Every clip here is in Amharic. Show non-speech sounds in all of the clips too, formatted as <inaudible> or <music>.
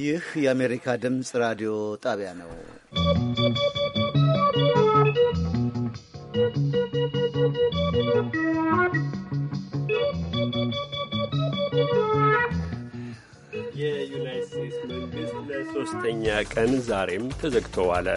ይህ የአሜሪካ ድምፅ ራዲዮ ጣቢያ ነው። የዩናይት ስቴትስ መንግሥት ለሶስተኛ ቀን ዛሬም ተዘግቶ ዋለ።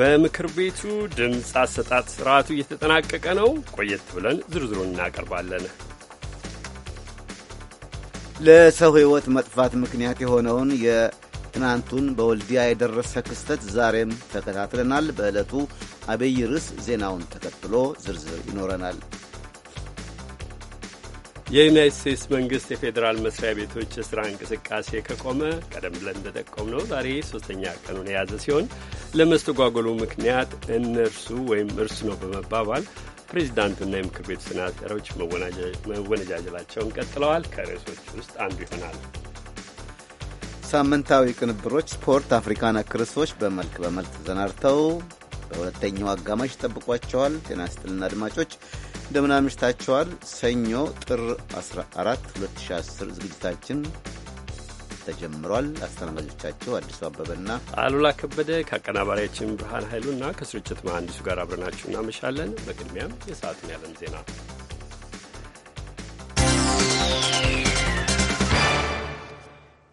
በምክር ቤቱ ድምፅ አሰጣጥ ስርዓቱ እየተጠናቀቀ ነው። ቆየት ብለን ዝርዝሩን እናቀርባለን። ለሰው ሕይወት መጥፋት ምክንያት የሆነውን የትናንቱን በወልዲያ የደረሰ ክስተት ዛሬም ተከታትለናል። በዕለቱ አብይ ርዕስ ዜናውን ተከትሎ ዝርዝር ይኖረናል። የዩናይት ስቴትስ መንግስት የፌዴራል መስሪያ ቤቶች የሥራ እንቅስቃሴ ከቆመ ቀደም ብለን ነው። ዛሬ ሶስተኛ ቀኑን የያዘ ሲሆን ለመስተጓጎሉ ምክንያት እነርሱ ወይም እርሱ ነው በመባባል ፕሬዚዳንቱና የምክር ቤቱ ሴናተሮች መወነጃጀላቸውን ቀጥለዋል። ከርዕሶች ውስጥ አንዱ ይሆናል። ሳምንታዊ ቅንብሮች፣ ስፖርት፣ አፍሪካ ነክ ርዕሶች በመልክ በመልክ ተዘናርተው በሁለተኛው አጋማሽ ይጠብቋቸዋል። ጤና አድማጮች። እንደምን አምሽታችኋል። ሰኞ ጥር 14 2010 ዝግጅታችን ተጀምሯል። አስተናጋጆቻቸው አዲሱ አበበና አሉላ ከበደ ከአቀናባሪያችን ብርሃን ኃይሉና ከስርጭት መሐንዲሱ ጋር አብረናችሁ እናመሻለን። በቅድሚያም የሰዓቱን ያለም ዜና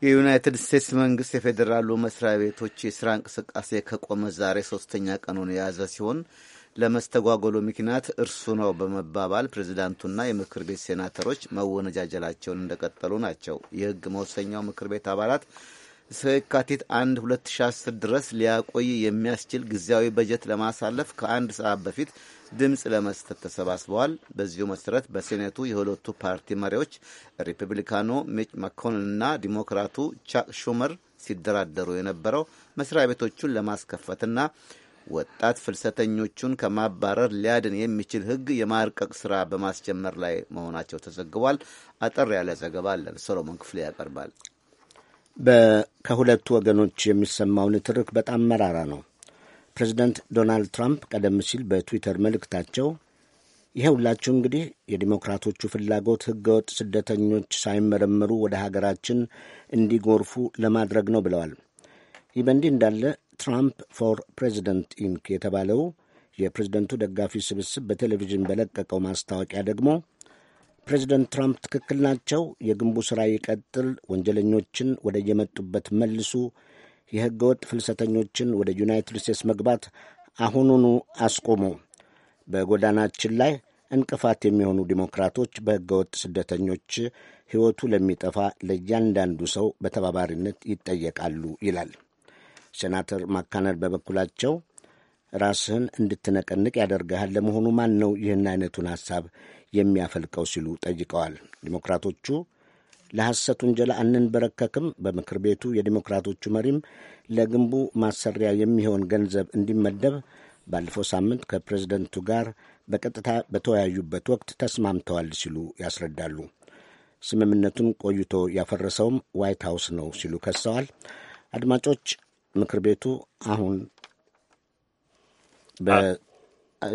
የዩናይትድ ስቴትስ መንግስት የፌዴራሉ መስሪያ ቤቶች የስራ እንቅስቃሴ ከቆመ ዛሬ ሶስተኛ ቀኑን የያዘ ሲሆን ለመስተጓጎሉ ምክንያት እርሱ ነው በመባባል ፕሬዚዳንቱና የምክር ቤት ሴናተሮች መወነጃጀላቸውን እንደቀጠሉ ናቸው። የህግ መወሰኛው ምክር ቤት አባላት እስከ የካቲት 1 2010 ድረስ ሊያቆይ የሚያስችል ጊዜያዊ በጀት ለማሳለፍ ከአንድ ሰዓት በፊት ድምፅ ለመስጠት ተሰባስበዋል። በዚሁ መሠረት በሴኔቱ የሁለቱ ፓርቲ መሪዎች ሪፐብሊካኑ ሚች እና ዲሞክራቱ ቻክ ሹመር ሲደራደሩ የነበረው መስሪያ ቤቶቹን ለማስከፈትና ወጣት ፍልሰተኞቹን ከማባረር ሊያድን የሚችል ሕግ የማርቀቅ ስራ በማስጀመር ላይ መሆናቸው ተዘግቧል። አጠር ያለ ዘገባ አለን፣ ሰሎሞን ክፍሌ ያቀርባል። ከሁለቱ ወገኖች የሚሰማው ንትርክ በጣም መራራ ነው። ፕሬዚደንት ዶናልድ ትራምፕ ቀደም ሲል በትዊተር መልእክታቸው ይሄ ሁላችሁ እንግዲህ የዲሞክራቶቹ ፍላጎት ህገወጥ ስደተኞች ሳይመረመሩ ወደ ሀገራችን እንዲጎርፉ ለማድረግ ነው ብለዋል። ይህ በእንዲህ እንዳለ ትራምፕ ፎር ፕሬዚደንት ኢንክ የተባለው የፕሬዝደንቱ ደጋፊ ስብስብ በቴሌቪዥን በለቀቀው ማስታወቂያ ደግሞ ፕሬዚደንት ትራምፕ ትክክል ናቸው፣ የግንቡ ሥራ ይቀጥል፣ ወንጀለኞችን ወደ የመጡበት መልሱ፣ ወጥ ፍልሰተኞችን ወደ ዩናይትድ ስቴትስ መግባት አሁኑኑ አስቆሙ፣ በጎዳናችን ላይ እንቅፋት የሚሆኑ ዲሞክራቶች ወጥ ስደተኞች ሕይወቱ ለሚጠፋ ለእያንዳንዱ ሰው በተባባሪነት ይጠየቃሉ ይላል። ሴናተር ማካነር በበኩላቸው ራስህን እንድትነቀንቅ ያደርግሃል፣ ለመሆኑ ማን ነው ይህን አይነቱን ሐሳብ የሚያፈልቀው ሲሉ ጠይቀዋል። ዲሞክራቶቹ ለሐሰት ውንጀላ አንንበረከክም፣ በምክር ቤቱ የዲሞክራቶቹ መሪም ለግንቡ ማሰሪያ የሚሆን ገንዘብ እንዲመደብ ባለፈው ሳምንት ከፕሬዝደንቱ ጋር በቀጥታ በተወያዩበት ወቅት ተስማምተዋል ሲሉ ያስረዳሉ። ስምምነቱን ቆይቶ ያፈረሰውም ዋይት ሀውስ ነው ሲሉ ከሰዋል። አድማጮች ምክር ቤቱ አሁን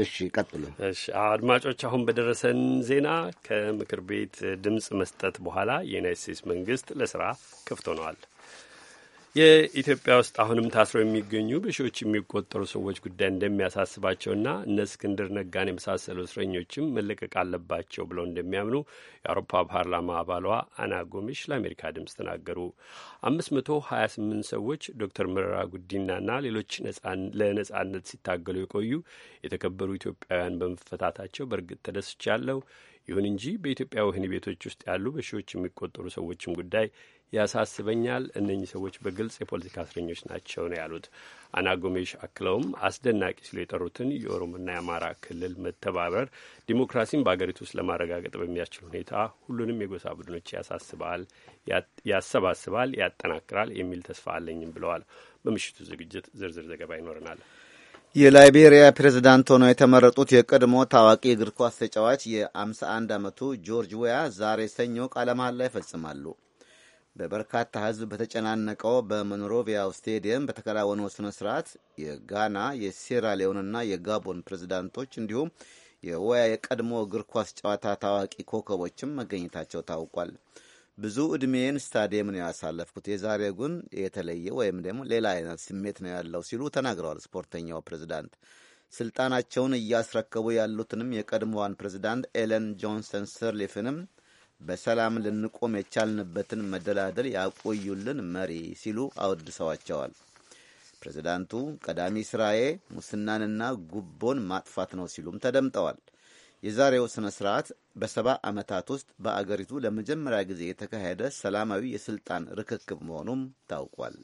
እሺ ቀጥሉ። እሺ አድማጮች፣ አሁን በደረሰን ዜና ከምክር ቤት ድምፅ መስጠት በኋላ የዩናይት ስቴትስ መንግስት ለስራ ክፍት ሆነዋል። የኢትዮጵያ ውስጥ አሁንም ታስረው የሚገኙ በሺዎች የሚቆጠሩ ሰዎች ጉዳይ እንደሚያሳስባቸውና እነ እስክንድር ነጋን የመሳሰሉ እስረኞችም መለቀቅ አለባቸው ብለው እንደሚያምኑ የአውሮፓ ፓርላማ አባሏ አና ጎሜሽ ለአሜሪካ ድምፅ ተናገሩ። አምስት መቶ ሀያ ስምንት ሰዎች ዶክተር መረራ ጉዲናና ሌሎች ለነጻነት ሲታገሉ የቆዩ የተከበሩ ኢትዮጵያውያን በመፈታታቸው በእርግጥ ተደስቻለሁ። ይሁን እንጂ በኢትዮጵያ ወህኒ ቤቶች ውስጥ ያሉ በሺዎች የሚቆጠሩ ሰዎችም ጉዳይ ያሳስበኛል። እነኚህ ሰዎች በግልጽ የፖለቲካ እስረኞች ናቸው ነው ያሉት። አና ጎሜሽ አክለውም አስደናቂ ሲሉ የጠሩትን የኦሮሞና የአማራ ክልል መተባበር ዲሞክራሲን በአገሪቱ ውስጥ ለማረጋገጥ በሚያስችል ሁኔታ ሁሉንም የጎሳ ቡድኖች ያሳስባል፣ ያሰባስባል፣ ያጠናክራል የሚል ተስፋ አለኝም ብለዋል። በምሽቱ ዝግጅት ዝርዝር ዘገባ ይኖረናል። የላይቤሪያ ፕሬዝዳንት ሆነው የተመረጡት የቀድሞ ታዋቂ እግር ኳስ ተጫዋች የ51 ዓመቱ ጆርጅ ወያ ዛሬ ሰኞ ቃለ መሃላ ይፈጽማሉ። በበርካታ ህዝብ በተጨናነቀው በሞንሮቪያው ስቴዲየም በተከናወነው ስነ ስርዓት የጋና የሴራሊዮንና የጋቦን ፕሬዝዳንቶች እንዲሁም የወያ የቀድሞ እግር ኳስ ጨዋታ ታዋቂ ኮከቦችም መገኘታቸው ታውቋል። ብዙ ዕድሜን ስታዲየምን ያሳለፍኩት፣ የዛሬ ግን የተለየ ወይም ደግሞ ሌላ አይነት ስሜት ነው ያለው ሲሉ ተናግረዋል። ስፖርተኛው ፕሬዝዳንት ስልጣናቸውን እያስረከቡ ያሉትንም የቀድሞዋን ፕሬዝዳንት ኤለን ጆንሰን ስርሊፍንም በሰላም ልንቆም የቻልንበትን መደላደል ያቆዩልን መሪ ሲሉ አወድሰዋቸዋል። ፕሬዚዳንቱ ቀዳሚ ስራዬ ሙስናንና ጉቦን ማጥፋት ነው ሲሉም ተደምጠዋል። የዛሬው ሥነ ሥርዓት በሰባ ዓመታት ውስጥ በአገሪቱ ለመጀመሪያ ጊዜ የተካሄደ ሰላማዊ የስልጣን ርክክብ መሆኑም ታውቋል።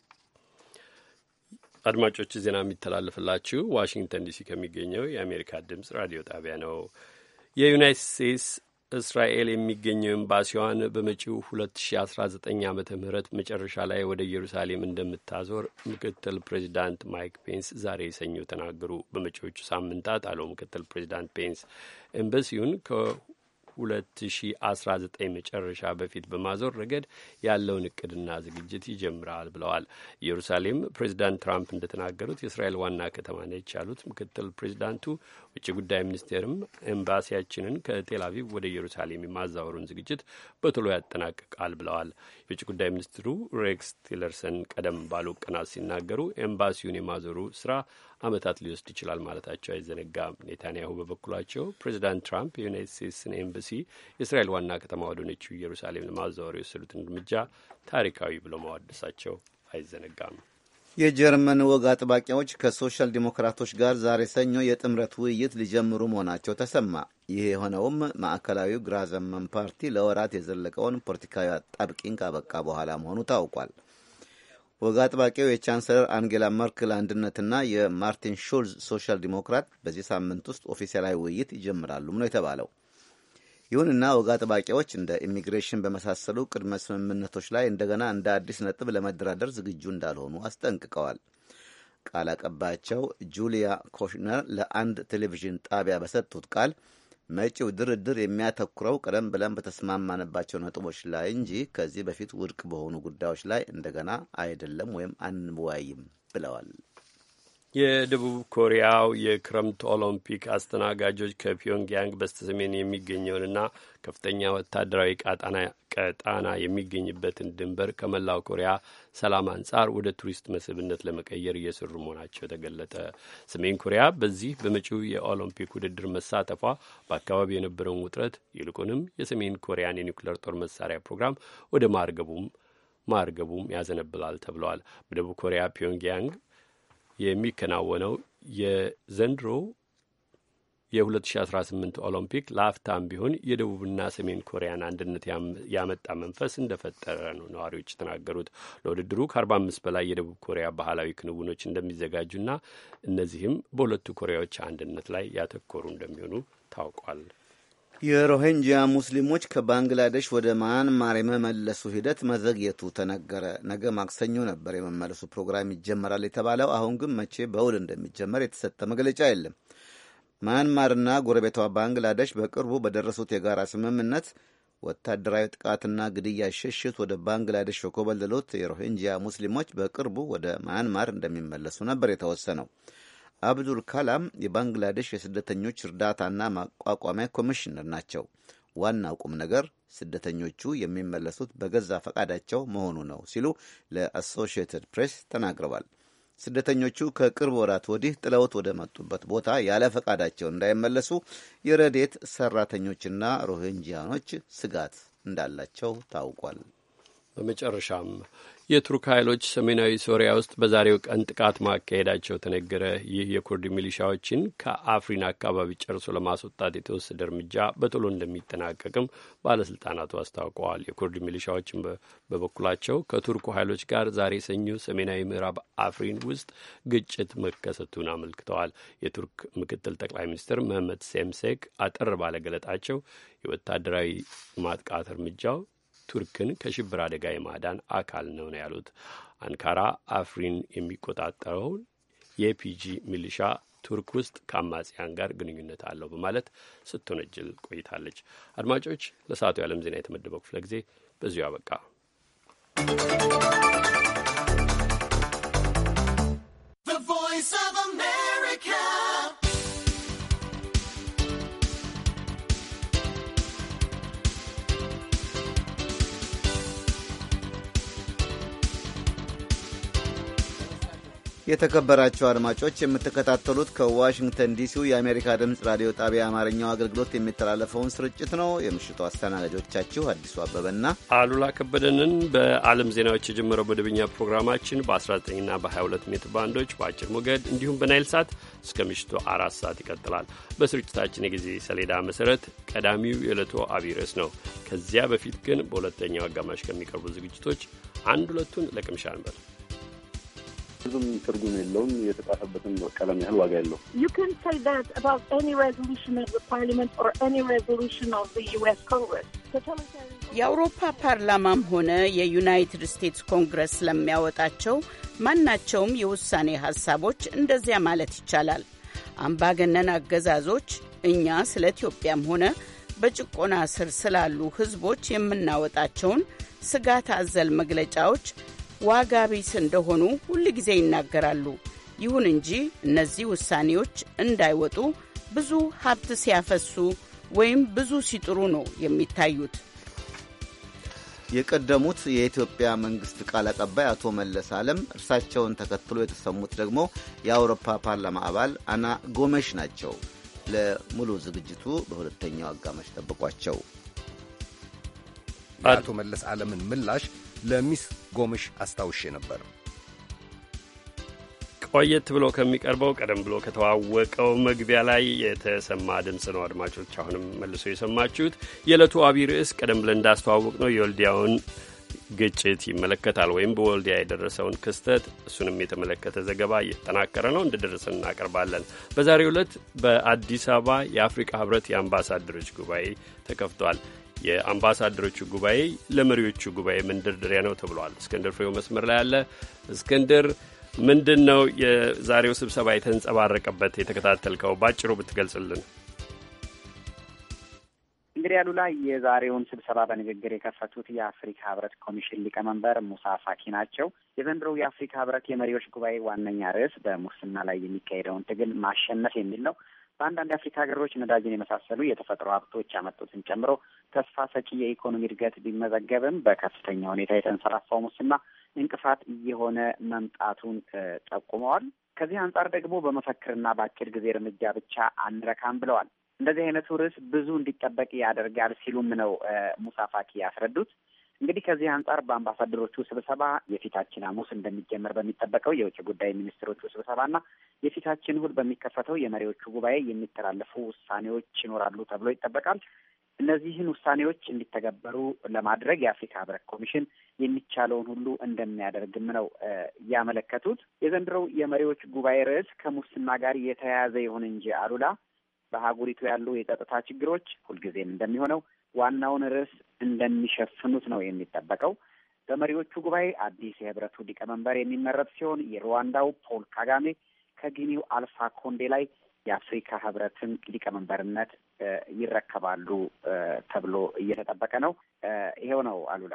አድማጮች ዜና የሚተላለፍላችሁ ዋሽንግተን ዲሲ ከሚገኘው የአሜሪካ ድምፅ ራዲዮ ጣቢያ ነው። የዩናይትድ ስቴትስ እስራኤል የሚገኘው ኤምባሲዋን በመጪው 2019 ዓ ም መጨረሻ ላይ ወደ ኢየሩሳሌም እንደምታዞር ምክትል ፕሬዚዳንት ማይክ ፔንስ ዛሬ ሰኞ ተናገሩ። በመጪዎቹ ሳምንታት አለው ምክትል ፕሬዚዳንት ፔንስ ኤምባሲውን 2019 መጨረሻ በፊት በማዞር ረገድ ያለውን እቅድና ዝግጅት ይጀምራል ብለዋል። ኢየሩሳሌም ፕሬዚዳንት ትራምፕ እንደተናገሩት የእስራኤል ዋና ከተማ ነች ያሉት ምክትል ፕሬዚዳንቱ ውጭ ጉዳይ ሚኒስቴርም ኤምባሲያችንን ከቴል አቪቭ ወደ ኢየሩሳሌም የማዛወሩን ዝግጅት በቶሎ ያጠናቅቃል ብለዋል። የውጭ ጉዳይ ሚኒስትሩ ሬክስ ቲለርሰን ቀደም ባሉ ቀናት ሲናገሩ ኤምባሲውን የማዞሩ ስራ ዓመታት ሊወስድ ይችላል ማለታቸው አይዘነጋም። ኔታንያሁ በበኩላቸው ፕሬዚዳንት ትራምፕ የዩናይት ስቴትስን ኤምባሲ የእስራኤል ዋና ከተማ ወደሆነችው ኢየሩሳሌም ለማዛወር የወሰዱትን እርምጃ ታሪካዊ ብሎ ማወደሳቸው አይዘነጋም። የጀርመን ወግ አጥባቂዎች ከሶሻል ዲሞክራቶች ጋር ዛሬ ሰኞ የጥምረት ውይይት ሊጀምሩ መሆናቸው ተሰማ። ይህ የሆነውም ማዕከላዊው ግራ ፓርቲ ለወራት የዘለቀውን ፖለቲካዊ አጣብቂኝ ካበቃ በኋላ መሆኑ ታውቋል። ወግ አጥባቂው የቻንሰለር አንጌላ መርክል አንድነትና የማርቲን ሹልዝ ሶሻል ዲሞክራት በዚህ ሳምንት ውስጥ ኦፊሴላዊ ውይይት ይጀምራሉም ነው የተባለው። ይሁንና ወግ አጥባቂዎች እንደ ኢሚግሬሽን በመሳሰሉ ቅድመ ስምምነቶች ላይ እንደገና እንደ አዲስ ነጥብ ለመደራደር ዝግጁ እንዳልሆኑ አስጠንቅቀዋል። ቃል አቀባያቸው ጁሊያ ኮሽነር ለአንድ ቴሌቪዥን ጣቢያ በሰጡት ቃል መጪው ድርድር የሚያተኩረው ቀደም ብለን በተስማማንባቸው ነጥቦች ላይ እንጂ ከዚህ በፊት ውድቅ በሆኑ ጉዳዮች ላይ እንደገና አይደለም ወይም አንወያይም ብለዋል። የደቡብ ኮሪያው የክረምት ኦሎምፒክ አስተናጋጆች ከፒዮንግያንግ በስተሰሜን የሚገኘውንና ከፍተኛ ወታደራዊ ቀጣና የሚገኝበትን ድንበር ከመላው ኮሪያ ሰላም አንጻር ወደ ቱሪስት መስህብነት ለመቀየር እየሰሩ መሆናቸው ተገለጠ። ሰሜን ኮሪያ በዚህ በመጪው የኦሎምፒክ ውድድር መሳተፏ በአካባቢ የነበረውን ውጥረት ይልቁንም የሰሜን ኮሪያን የኒውክሌር ጦር መሳሪያ ፕሮግራም ወደ ማርገቡም ማርገቡም ያዘነብላል ተብለዋል። በደቡብ ኮሪያ ፒዮንግያንግ የሚከናወነው የዘንድሮ የ2018 ኦሎምፒክ ለአፍታም ቢሆን የደቡብና ሰሜን ኮሪያን አንድነት ያመጣ መንፈስ እንደፈጠረ ነው ነዋሪዎች የተናገሩት። ለውድድሩ ከ45 በላይ የደቡብ ኮሪያ ባህላዊ ክንውኖች እንደሚዘጋጁና እነዚህም በሁለቱ ኮሪያዎች አንድነት ላይ ያተኮሩ እንደሚሆኑ ታውቋል። የሮሂንጂያ ሙስሊሞች ከባንግላዴሽ ወደ ማንማር የመመለሱ ሂደት መዘግየቱ ተነገረ። ነገ ማክሰኞ ነበር የመመለሱ ፕሮግራም ይጀመራል የተባለው። አሁን ግን መቼ በውል እንደሚጀመር የተሰጠ መግለጫ የለም። ማንማርና ጎረቤቷ ባንግላዴሽ በቅርቡ በደረሱት የጋራ ስምምነት ወታደራዊ ጥቃትና ግድያ ሸሽት ወደ ባንግላዴሽ የኮበለሉት የሮሄንጂያ ሙስሊሞች በቅርቡ ወደ ማንማር እንደሚመለሱ ነበር የተወሰነው። አብዱል ካላም የባንግላዴሽ የስደተኞች እርዳታና ማቋቋሚያ ኮሚሽነር ናቸው። ዋና ቁም ነገር ስደተኞቹ የሚመለሱት በገዛ ፈቃዳቸው መሆኑ ነው ሲሉ ለአሶሺየትድ ፕሬስ ተናግረዋል። ስደተኞቹ ከቅርብ ወራት ወዲህ ጥለውት ወደ መጡበት ቦታ ያለ ፈቃዳቸው እንዳይመለሱ የረዴት ሰራተኞችና ሮሂንጂያኖች ስጋት እንዳላቸው ታውቋል። በመጨረሻም የቱርክ ኃይሎች ሰሜናዊ ሶሪያ ውስጥ በዛሬው ቀን ጥቃት ማካሄዳቸው ተነገረ። ይህ የኩርድ ሚሊሻዎችን ከአፍሪን አካባቢ ጨርሶ ለማስወጣት የተወሰደ እርምጃ በቶሎ እንደሚጠናቀቅም ባለስልጣናቱ አስታውቀዋል። የኩርድ ሚሊሻዎችን በበኩላቸው ከቱርኩ ኃይሎች ጋር ዛሬ ሰኞ ሰሜናዊ ምዕራብ አፍሪን ውስጥ ግጭት መከሰቱን አመልክተዋል። የቱርክ ምክትል ጠቅላይ ሚኒስትር መህመት ሴምሴክ አጠር ባለ ገለጣቸው የወታደራዊ ማጥቃት እርምጃው ቱርክን ከሽብር አደጋ የማዳን አካል ነው ነው ያሉት። አንካራ አፍሪን የሚቆጣጠረውን የፒጂ ሚሊሻ ቱርክ ውስጥ ከአማጽያን ጋር ግንኙነት አለው በማለት ስትወነጅል ቆይታለች። አድማጮች፣ ለሰዓቱ የዓለም ዜና የተመደበው ክፍለ ጊዜ በዚሁ አበቃ። የተከበራቸው አድማጮች የምትከታተሉት ከዋሽንግተን ዲሲው የአሜሪካ ድምፅ ራዲዮ ጣቢያ አማርኛው አገልግሎት የሚተላለፈውን ስርጭት ነው። የምሽቱ አስተናጋጆቻችሁ አዲሱ አበበና አሉላ ከበደንን በዓለም ዜናዎች የጀመረው መደበኛ ፕሮግራማችን በ19ና በ22 ሜትር ባንዶች በአጭር ሞገድ እንዲሁም በናይል ሳት እስከ ምሽቱ አራት ሰዓት ይቀጥላል። በስርጭታችን የጊዜ ሰሌዳ መሰረት ቀዳሚው የዕለቱ አብይ ርዕስ ነው። ከዚያ በፊት ግን በሁለተኛው አጋማሽ ከሚቀርቡ ዝግጅቶች አንድ ሁለቱን ለቅምሻ እንበል። ብዙም ትርጉም የለውም። የተጻፈበትም ቀለም ያህል ዋጋ የለውም። የአውሮፓ ፓርላማም ሆነ የዩናይትድ ስቴትስ ኮንግረስ ስለሚያወጣቸው ማናቸውም የውሳኔ ሀሳቦች እንደዚያ ማለት ይቻላል። አምባገነን አገዛዞች እኛ ስለ ኢትዮጵያም ሆነ በጭቆና ስር ስላሉ ሕዝቦች የምናወጣቸውን ስጋት አዘል መግለጫዎች ዋጋ ቢስ እንደሆኑ ጊዜ ይናገራሉ። ይሁን እንጂ እነዚህ ውሳኔዎች እንዳይወጡ ብዙ ሀብት ሲያፈሱ ወይም ብዙ ሲጥሩ ነው የሚታዩት። የቀደሙት የኢትዮጵያ መንግስት ቃል አቀባይ አቶ መለስ አለም፣ እርሳቸውን ተከትሎ የተሰሙት ደግሞ የአውሮፓ ፓርላማ አባል አና ጎመሽ ናቸው። ለሙሉ ዝግጅቱ በሁለተኛው አጋማሽ ጠብቋቸው። አቶ መለስ አለምን ምላሽ ለሚስ ጎምሽ አስታውሼ ነበር። ቆየት ብሎ ከሚቀርበው ቀደም ብሎ ከተዋወቀው መግቢያ ላይ የተሰማ ድምፅ ነው። አድማጮች አሁንም መልሶ የሰማችሁት የዕለቱ አብይ ርዕስ ቀደም ብለን እንዳስተዋወቅ ነው የወልዲያውን ግጭት ይመለከታል። ወይም በወልዲያ የደረሰውን ክስተት እሱንም የተመለከተ ዘገባ እየተጠናከረ ነው እንደደረሰን እናቀርባለን። በዛሬው ዕለት በአዲስ አበባ የአፍሪካ ህብረት የአምባሳደሮች ጉባኤ ተከፍቷል። የአምባሳደሮቹ ጉባኤ ለመሪዎቹ ጉባኤ መንደርደሪያ ነው ተብሏል። እስክንድር ፍሬው መስመር ላይ አለ። እስክንድር ምንድን ነው የዛሬው ስብሰባ የተንጸባረቀበት የተከታተልከው? ባጭሩ ብትገልጽልን። እንግዲህ ላይ የዛሬውን ስብሰባ በንግግር የከፈቱት የአፍሪካ ህብረት ኮሚሽን ሊቀመንበር ሙሳ ፋኪ ናቸው። የዘንድሮው የአፍሪካ ህብረት የመሪዎች ጉባኤ ዋነኛ ርዕስ በሙስና ላይ የሚካሄደውን ትግል ማሸነፍ የሚል ነው። በአንዳንድ የአፍሪካ ሀገሮች ነዳጅን የመሳሰሉ የተፈጥሮ ሀብቶች ያመጡትን ጨምሮ ተስፋ ሰጪ የኢኮኖሚ እድገት ቢመዘገብም በከፍተኛ ሁኔታ የተንሰራፋው ሙስና እንቅፋት እየሆነ መምጣቱን ጠቁመዋል። ከዚህ አንጻር ደግሞ በመፈክርና በአጭር ጊዜ እርምጃ ብቻ አንረካም ብለዋል። እንደዚህ አይነቱ ርዕስ ብዙ እንዲጠበቅ ያደርጋል ሲሉም ነው ሙሳፋኪ ያስረዱት። እንግዲህ ከዚህ አንጻር በአምባሳደሮቹ ስብሰባ የፊታችን ሐሙስ እንደሚጀመር በሚጠበቀው የውጭ ጉዳይ ሚኒስትሮቹ ስብሰባና የፊታችን እሁድ በሚከፈተው የመሪዎቹ ጉባኤ የሚተላለፉ ውሳኔዎች ይኖራሉ ተብሎ ይጠበቃል። እነዚህን ውሳኔዎች እንዲተገበሩ ለማድረግ የአፍሪካ ህብረት ኮሚሽን የሚቻለውን ሁሉ እንደሚያደርግም ነው ያመለከቱት። የዘንድሮው የመሪዎች ጉባኤ ርዕስ ከሙስና ጋር የተያያዘ ይሁን እንጂ አሉላ በሀገሪቱ ያሉ የጸጥታ ችግሮች ሁልጊዜም እንደሚሆነው ዋናውን ርዕስ እንደሚሸፍኑት ነው የሚጠበቀው። በመሪዎቹ ጉባኤ አዲስ የህብረቱ ሊቀመንበር የሚመረጥ ሲሆን የሩዋንዳው ፖል ካጋሜ ከጊኒው አልፋ ኮንዴ ላይ የአፍሪካ ህብረትን ሊቀመንበርነት ይረከባሉ ተብሎ እየተጠበቀ ነው። ይሄው ነው አሉላ።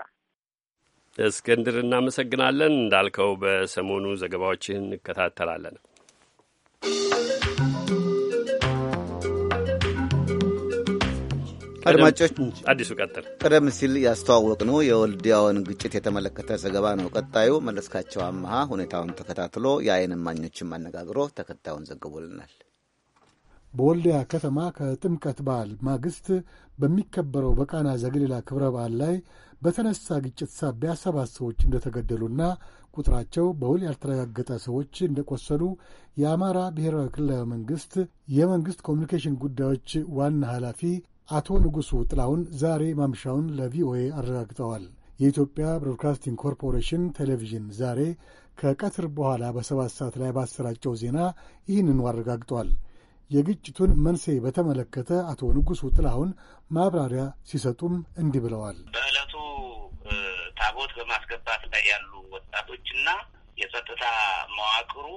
እስክንድር እናመሰግናለን። እንዳልከው በሰሞኑ ዘገባዎችን እንከታተላለን። አድማጮች፣ አዲሱ ቀጥል። ቀደም ሲል ያስተዋወቅ ነው የወልዲያውን ግጭት የተመለከተ ዘገባ ነው። ቀጣዩ መለስካቸው አመሃ ሁኔታውን ተከታትሎ የአይን እማኞችን አነጋግሮ ተከታዩን ዘግቦልናል። በወልዲያ ከተማ ከጥምቀት በዓል ማግስት በሚከበረው በቃና ዘገሊላ ክብረ በዓል ላይ በተነሳ ግጭት ሳቢያ ሰባት ሰዎች እንደተገደሉና ቁጥራቸው በውል ያልተረጋገጠ ሰዎች እንደቆሰሉ የአማራ ብሔራዊ ክልላዊ መንግሥት የመንግሥት ኮሚኒኬሽን ጉዳዮች ዋና ኃላፊ አቶ ንጉሱ ጥላሁን ዛሬ ማምሻውን ለቪኦኤ አረጋግጠዋል። የኢትዮጵያ ብሮድካስቲንግ ኮርፖሬሽን ቴሌቪዥን ዛሬ ከቀትር በኋላ በሰባት ሰዓት ላይ ባሰራጨው ዜና ይህንኑ አረጋግጧል። የግጭቱን መንስኤ በተመለከተ አቶ ንጉሱ ጥላሁን ማብራሪያ ሲሰጡም እንዲህ ብለዋል። በዕለቱ ታቦት በማስገባት ላይ ያሉ ወጣቶችና የጸጥታ መዋቅሩ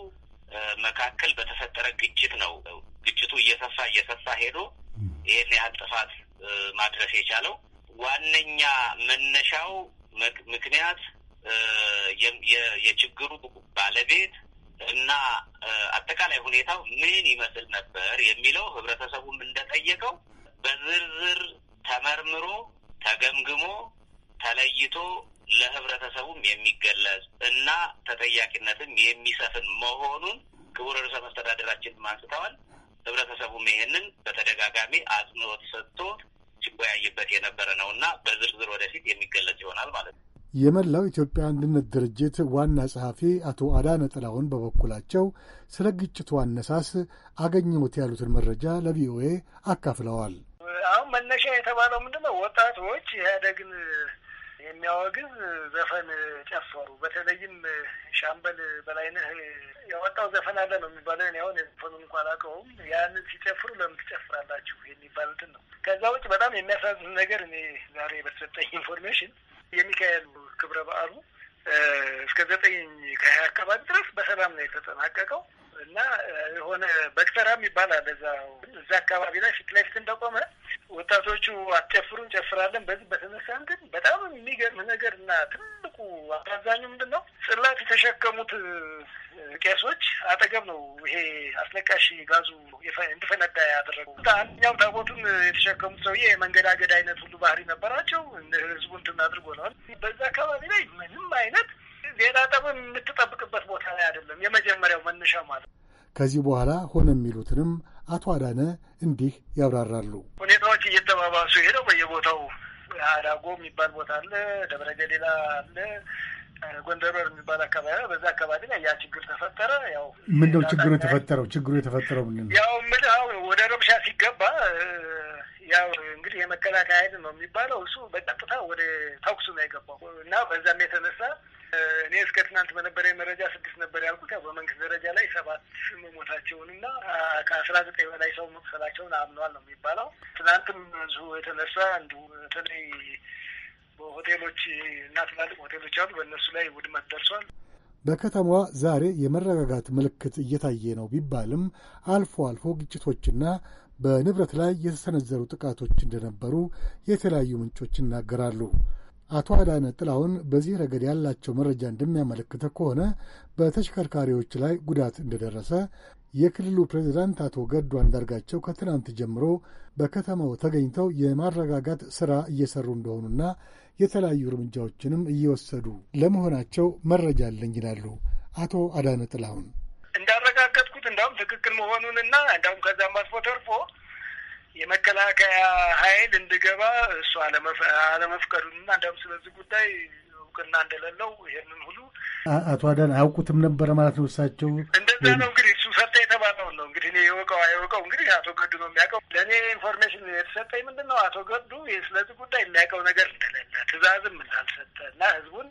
መካከል በተፈጠረ ግጭት ነው። ግጭቱ እየሰፋ እየሰፋ ሄዶ ይህን ያህል ጥፋት ማድረስ የቻለው ዋነኛ መነሻው ምክንያት የችግሩ ባለቤት እና አጠቃላይ ሁኔታው ምን ይመስል ነበር የሚለው ህብረተሰቡም እንደጠየቀው በዝርዝር ተመርምሮ ተገምግሞ ተለይቶ ለህብረተሰቡም የሚገለጽ እና ተጠያቂነትም የሚሰፍን መሆኑን ክቡር ርዕሰ መስተዳደራችን አንስተዋል። ህብረተሰቡም ይሄንን በተደጋጋሚ አጽንኦት ሰጥቶ ሲወያይበት የነበረ ነው እና በዝርዝር ወደፊት የሚገለጽ ይሆናል ማለት ነው። የመላው ኢትዮጵያ አንድነት ድርጅት ዋና ጸሐፊ አቶ አዳነ ጥላሁን በበኩላቸው ስለ ግጭቱ አነሳስ አገኘሁት ያሉትን መረጃ ለቪኦኤ አካፍለዋል። አሁን መነሻ የተባለው ምንድን ነው? ወጣቶች ኢህአዴግን የሚያወግዝ ዘፈን ጨፈሩ። በተለይም ሻምበል በላይነህ የወጣው ዘፈን አለ ነው የሚባለው። እኔ አሁን የዘፈኑን እንኳ አላውቀውም። ያንን ሲጨፍሩ ለምን ትጨፍራላችሁ የሚባሉትን ነው። ከዛ ውጭ በጣም የሚያሳዝን ነገር እኔ ዛሬ በተሰጠኝ ኢንፎርሜሽን የሚካኤል ክብረ በዓሉ እስከ ዘጠኝ ከሀያ አካባቢ ድረስ በሰላም ነው የተጠናቀቀው። እና የሆነ በቅጠራ የሚባል አለ እዛ አካባቢ ላይ ፊት ለፊት እንደቆመ ወጣቶቹ አትጨፍሩ እንጨፍራለን። በዚህ በተነሳ ግን በጣም የሚገርም ነገር እና ትልቁ አሳዛኙ ምንድን ነው ጽላት የተሸከሙት ቄሶች አጠገብ ነው ይሄ አስለቃሽ ጋዙ እንድፈነዳ ያደረጉ አንደኛው ታቦቱን የተሸከሙት ሰውዬ የመንገዳገድ አይነት ሁሉ ባህሪ ነበራቸው። ህዝቡ እንትን አድርጎ ነዋል። በዛ አካባቢ ላይ ምንም አይነት ሌላ ጠብም የምትጠብቅበት ቦታ ላይ አይደለም። የመጀመሪያው መነሻ ማለት ከዚህ በኋላ ሆነ የሚሉትንም አቶ አዳነ እንዲህ ያብራራሉ። ሁኔታዎች እየተባባሱ ሄደው በየቦታው አዳጎ የሚባል ቦታ አለ፣ ደብረ ገሌላ አለ፣ ጎንደር የሚባል አካባቢ በዛ አካባቢ ላይ ያ ችግር ተፈጠረ። ያው ምንድነው ችግሩ የተፈጠረው? ችግሩ የተፈጠረው ምንድነው? ያው ምልው ወደ ረብሻ ሲገባ ያው እንግዲህ የመከላከያ ኃይል ነው የሚባለው እሱ በቀጥታ ወደ ተኩሱ ነው የገባው እና በዛም የተነሳ እኔ እስከ ትናንት በነበረ መረጃ ስድስት ነበር ያልኩት። ያው በመንግስት ደረጃ ላይ ሰባት መሞታቸውን እና ከአስራ ዘጠኝ በላይ ሰው መቁሰላቸውን አምነዋል ነው የሚባለው። ትናንትም እዚሁ የተነሳ እንዲሁ በተለይ በሆቴሎች እና ትላልቅ ሆቴሎች አሉ፣ በእነሱ ላይ ውድመት ደርሷል። በከተማዋ ዛሬ የመረጋጋት ምልክት እየታየ ነው ቢባልም አልፎ አልፎ ግጭቶችና በንብረት ላይ የተሰነዘሩ ጥቃቶች እንደነበሩ የተለያዩ ምንጮች ይናገራሉ። አቶ አዳነ ጥላሁን በዚህ ረገድ ያላቸው መረጃ እንደሚያመለክተ ከሆነ በተሽከርካሪዎች ላይ ጉዳት እንደደረሰ የክልሉ ፕሬዚዳንት አቶ ገዱ አንዳርጋቸው ከትናንት ጀምሮ በከተማው ተገኝተው የማረጋጋት ሥራ እየሰሩ እንደሆኑና የተለያዩ እርምጃዎችንም እየወሰዱ ለመሆናቸው መረጃ አለኝ ይላሉ አቶ አዳነ ጥላሁን። እንዳረጋገጥኩት እንዳሁም ትክክል መሆኑንና እንዳሁም ከዛም አልፎ ተርፎ የመከላከያ ኃይል እንድገባ እሱ አለመፍቀዱንና እንዲያውም ስለዚህ ጉዳይ እውቅና እንደሌለው ይህንን ሁሉ አቶ አዳን አያውቁትም ነበረ ማለት ነው። እሳቸው እንደዛ ነው እንግዲህ እሱ ሰጠ የተባለውን ነው እንግዲህ እኔ የወቀው አይወቀው እንግዲህ አቶ ገዱ ነው የሚያውቀው። ለእኔ ኢንፎርሜሽን የተሰጠኝ ምንድን ነው አቶ ገዱ ስለዚህ ጉዳይ የሚያውቀው ነገር እንደሌለ ትዕዛዝም እንዳልሰጠ እና ህዝቡን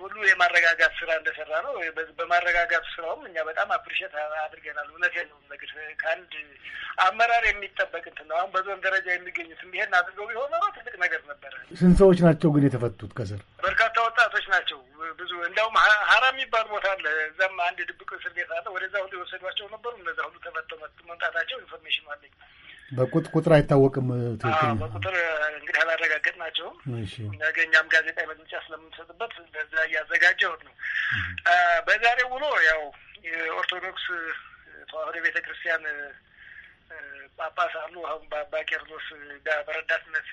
ሁሉ የማረጋጋት ስራ እንደሰራ ነው። በማረጋጋት ስራውም እኛ በጣም አፕሪሼት አድርገናል። እውነት ነው። ነገር ከአንድ አመራር የሚጠበቅ እንትን ነው። አሁን በዞን ደረጃ የሚገኙት ይሄን አድርገው ቢሆን ኖሮ ትልቅ ነገር ነበረ። ስንት ሰዎች ናቸው ግን የተፈቱት? ከስር በርካታ ወጣቶች ናቸው። ብዙ እንዲያውም ሀራ የሚባል ቦታ አለ። እዛም አንድ ድብቅ እስር ቤት አለ። ወደዛ ሁሉ የወሰዷቸው ነበሩ። እነዛ ሁሉ ተፈተው መምጣታቸው ኢንፎርሜሽን አለኝ። በቁጥቁጥር አይታወቅም። ትክክል በቁጥር እንግዲህ አላረጋገጥ ናቸው። ነገ እኛም ጋዜጣዊ መግለጫ ስለምንሰጥበት ለዛ እያዘጋጀው ነው። በዛሬ ውሎ ያው የኦርቶዶክስ ተዋህዶ ቤተ ክርስቲያን ጳጳስ አሉ። አሁን በአባ ቄርሎስ በረዳትነት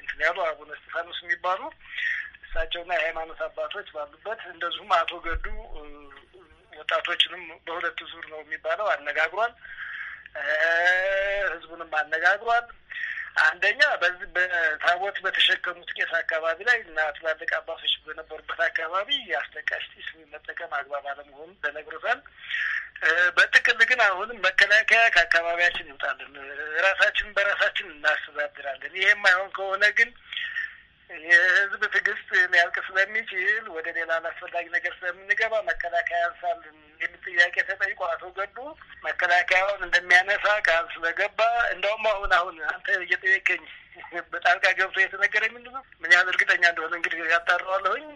እንትን ያሉ አቡነ እስጢፋኖስ የሚባሉ እሳቸውና የሃይማኖት አባቶች ባሉበት እንደዚሁም አቶ ገዱ ወጣቶችንም በሁለት ዙር ነው የሚባለው አነጋግሯል። ህዝቡንም አነጋግሯል። አንደኛ በዚህ በታቦት በተሸከሙት ቄስ አካባቢ ላይ እና ትላልቅ አባቶች በነበሩበት አካባቢ የአስጠቃሽ ጢስ መጠቀም አግባብ አለመሆኑ ተነግሮታል። በጥቅል ግን አሁንም መከላከያ ከአካባቢያችን ይውጣለን፣ ራሳችንን በራሳችን እናስተዳድራለን። ይሄም አይሆን ከሆነ ግን የህዝብ ትዕግስት ሊያልቅ ስለሚችል ወደ ሌላ አላስፈላጊ ነገር ስለምንገባ መከላከያ ያንሳል የሚል ጥያቄ ተጠይቆ አቶ ገዱ መከላከያውን እንደሚያነሳ ቃል ስለገባ እንደውም አሁን አሁን አንተ እየጠየቀኝ በጣልቃ ገብቶ የተነገረ ምንድን ምን ያህል እርግጠኛ እንደሆነ እንግዲህ ያጣረዋለሁኝ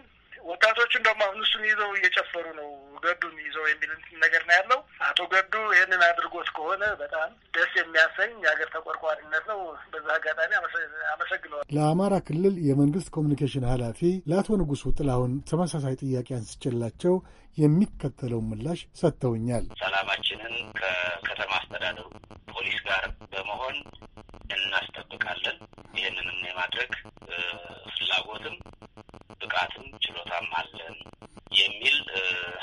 ወጣቶቹን ደግሞ አሁን እሱን ይዘው እየጨፈሩ ነው ገዱን ይዘው የሚል ነገር ነው ያለው። አቶ ገዱ ይህንን አድርጎት ከሆነ በጣም ደስ የሚያሰኝ የሀገር ተቆርቋሪነት ነው። በዛ አጋጣሚ አመሰግነዋል። ለአማራ ክልል የመንግስት ኮሚኒኬሽን ኃላፊ ለአቶ ንጉሱ ጥላሁን ተመሳሳይ ጥያቄ አንስቼላቸው የሚከተለውን ምላሽ ሰጥተውኛል። ሰላማችንን ከከተማ አስተዳደሩ ፖሊስ ጋር በመሆን እናስጠብቃለን። ይህንንም የማድረግ ፍላጎትም ብቃትም ችሎታም አለን የሚል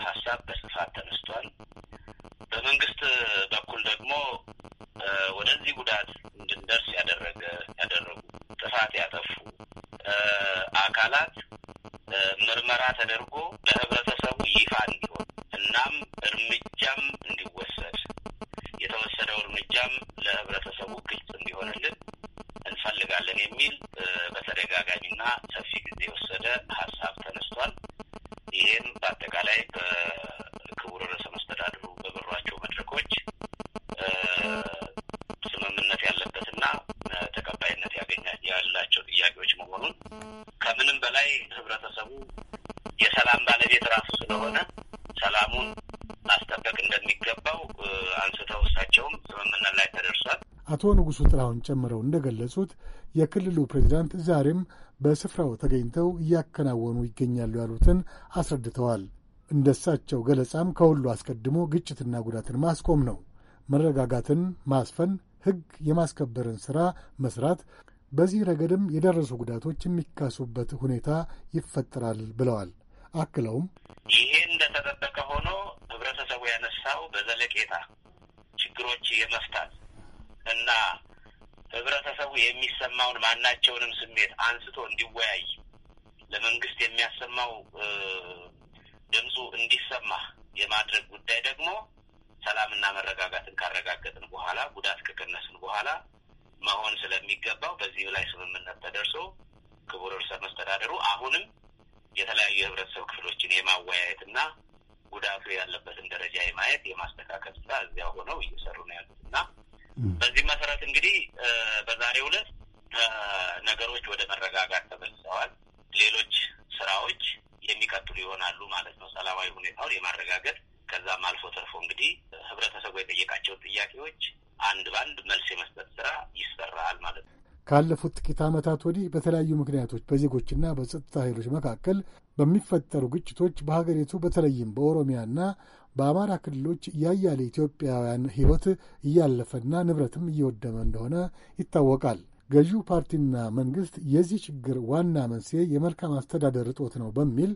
ሀሳብ በስፋት ተነስቷል። በመንግስት በኩል ደግሞ ወደዚህ ጉዳት እንድንደርስ ያደረገ ያደረጉ ጥፋት ያጠፉ አካላት ምርመራ ተደርጎ ለህብረተሰቡ ይፋ እንዲሆን እናም እርምጃም እንዲወሰድ የተወሰደው እርምጃም ለህብረተሰቡ ግልጽ እንዲሆንልን እንፈልጋለን የሚል በተደጋጋሚና ሰፊ የተወሰደ ሀሳብ ተነስቷል። ይህም በአጠቃላይ በክቡር ርዕሰ መስተዳድሩ በመሯቸው መድረኮች ስምምነት ያለበትና ተቀባይነት ያገኛ ያላቸው ጥያቄዎች መሆኑን ከምንም በላይ ህብረተሰቡ የሰላም ባለቤት ራሱ ስለሆነ ሰላሙን ማስጠበቅ እንደሚገባው አንስተው እሳቸውም ስምምነት ላይ ተደርሷል። አቶ ንጉሱ ጥላሁን ጨምረው እንደገለጹት የክልሉ ፕሬዚዳንት ዛሬም በስፍራው ተገኝተው እያከናወኑ ይገኛሉ ያሉትን አስረድተዋል። እንደሳቸው ገለጻም ከሁሉ አስቀድሞ ግጭትና ጉዳትን ማስቆም ነው። መረጋጋትን ማስፈን፣ ሕግ የማስከበርን ሥራ መስራት፣ በዚህ ረገድም የደረሱ ጉዳቶች የሚካሱበት ሁኔታ ይፈጠራል ብለዋል። አክለውም ይሄ እንደተጠበቀ ሆኖ ህብረተሰቡ ያነሳው በዘለቄታ ችግሮች የመፍታት እና ህብረተሰቡ የሚሰማውን ማናቸውንም ስሜት አንስቶ እንዲወያይ ለመንግስት የሚያሰማው ድምፁ እንዲሰማ የማድረግ ጉዳይ ደግሞ ሰላምና መረጋጋትን ካረጋገጥን በኋላ ጉዳት ከቀነስን በኋላ መሆን ስለሚገባው በዚህ ላይ ስምምነት ተደርሶ ክቡር እርሰ መስተዳደሩ አሁንም የተለያዩ የህብረተሰብ ክፍሎችን የማወያየትና ጉዳቱ ያለበትን ደረጃ የማየት የማስተካከል ስራ እዚያ ሆነው እየሰሩ ነው ያሉት እና በዚህ መሰረት እንግዲህ በዛሬው ዕለት ነገሮች ወደ መረጋጋት ተመልሰዋል። ሌሎች ስራዎች የሚቀጥሉ ይሆናሉ ማለት ነው። ሰላማዊ ሁኔታውን የማረጋገጥ ከዛም አልፎ ተርፎ እንግዲህ ህብረተሰቡ የጠየቃቸውን ጥያቄዎች አንድ በአንድ መልስ የመስጠት ስራ ይሰራል ማለት ነው። ካለፉት ጥቂት ዓመታት ወዲህ በተለያዩ ምክንያቶች በዜጎችና በጸጥታ ኃይሎች መካከል በሚፈጠሩ ግጭቶች በሀገሪቱ በተለይም በኦሮሚያና በአማራ ክልሎች ያያሌ ኢትዮጵያውያን ሕይወት እያለፈና ንብረትም እየወደመ እንደሆነ ይታወቃል። ገዢው ፓርቲና መንግሥት የዚህ ችግር ዋና መንስኤ የመልካም አስተዳደር እጦት ነው በሚል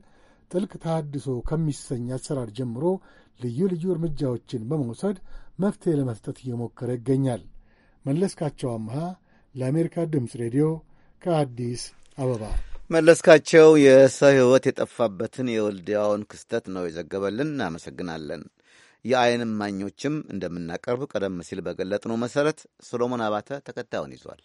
ጥልቅ ተሃድሶ ከሚሰኝ አሰራር ጀምሮ ልዩ ልዩ እርምጃዎችን በመውሰድ መፍትሄ ለመስጠት እየሞከረ ይገኛል። መለስካቸው አምሃ ለአሜሪካ ድምፅ ሬዲዮ ከአዲስ አበባ መለስካቸው የሰው ሕይወት የጠፋበትን የወልዲያውን ክስተት ነው የዘገበልን። እናመሰግናለን። የአይን እማኞችም እንደምናቀርብ ቀደም ሲል በገለጥነው መሠረት ሶሎሞን አባተ ተከታዩን ይዟል።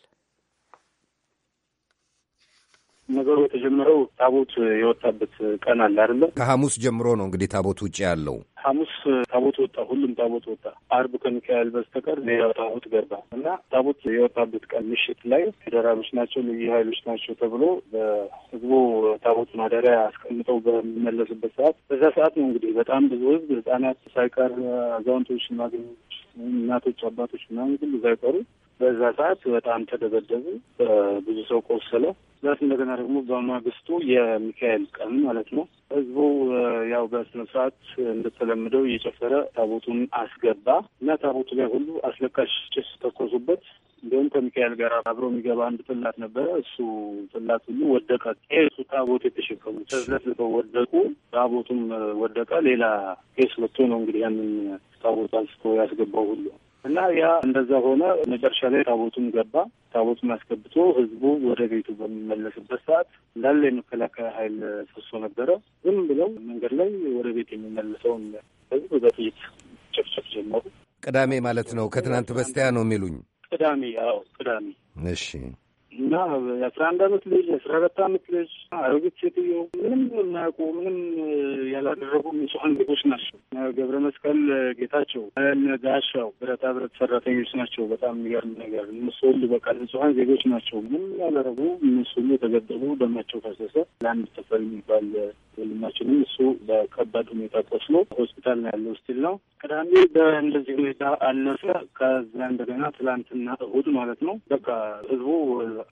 ነገሩ የተጀመረው ታቦት የወጣበት ቀን አለ አይደለ? ከሐሙስ ጀምሮ ነው እንግዲህ ታቦት ውጭ ያለው። ሐሙስ ታቦት ወጣ፣ ሁሉም ታቦት ወጣ። አርብ ከሚካኤል በስተቀር ሌላው ታቦት ገባ እና ታቦት የወጣበት ቀን ምሽት ላይ ፌደራሎች ናቸው ልዩ ኃይሎች ናቸው ተብሎ በህዝቡ ታቦት ማደሪያ አስቀምጠው በሚመለሱበት ሰዓት በዛ ሰዓት ነው እንግዲህ በጣም ብዙ ህዝብ ህጻናት ሳይቀር አዛውንቶች፣ ሽማግሌዎች፣ እናቶች፣ አባቶች ምናምን ሁሉ ሳይቀሩ በዛ ሰዓት በጣም ተደበደቡ። ብዙ ሰው ቆሰለ። ዛት እንደገና ደግሞ በማግስቱ የሚካኤል ቀን ማለት ነው። ህዝቡ ያው በስነ ስርዓት እንደተለመደው እየጨፈረ ታቦቱን አስገባ እና ታቦቱ ላይ ሁሉ አስለቃሽ ጭስ ተኮሱበት። እንዲሁም ከሚካኤል ጋር አብሮ የሚገባ አንድ ጥላት ነበረ። እሱ ጥላት ሁሉ ወደቀ። ቄሱ ታቦት የተሸከሙ ተዝለፍልፈው ወደቁ። ታቦቱም ወደቀ። ሌላ ቄስ መጥቶ ነው እንግዲህ ያንን ታቦት አንስቶ ያስገባው ሁሉ እና ያ እንደዛ ሆነ። መጨረሻ ላይ ታቦቱም ገባ። ታቦቱን አስገብቶ ህዝቡ ወደ ቤቱ በሚመለስበት ሰዓት እንዳለ የመከላከያ ኃይል ፈሶ ነበረ። ዝም ብለው መንገድ ላይ ወደ ቤት የሚመልሰውን ህዝብ በጥይት ጨፍጨፍ ጀመሩ። ቅዳሜ ማለት ነው። ከትናንት በስቲያ ነው የሚሉኝ። ቅዳሜ። ያው ቅዳሜ። እሺ እና የአስራ አንድ አመት ልጅ የአስራ አራት አመት ልጅ አሮጊት ሴትዮ ምንም የማያውቁ ምንም ያላደረጉ ንጹሐን ዜጎች ናቸው። ገብረ መስቀል ጌታቸው፣ ጋሻው ብረታ ብረት ሰራተኞች ናቸው። በጣም የሚገርም ነገር እነሱ ሁሉ በቃ ንጹሐን ዜጎች ናቸው። ምንም ያላደረጉ እነሱ ሁሉ የተገደቡ ደማቸው ፈሰሰ። ለአንድ ተፈሪ የሚባል ወንድማችንም እሱ በከባድ ሁኔታ ቆስሎ ሆስፒታል ነው ያለው። ስቲል ነው ቅዳሜ በእንደዚህ ሁኔታ አለፈ። ከዚያ እንደገና ትላንትና እሁድ ማለት ነው በቃ ህዝቡ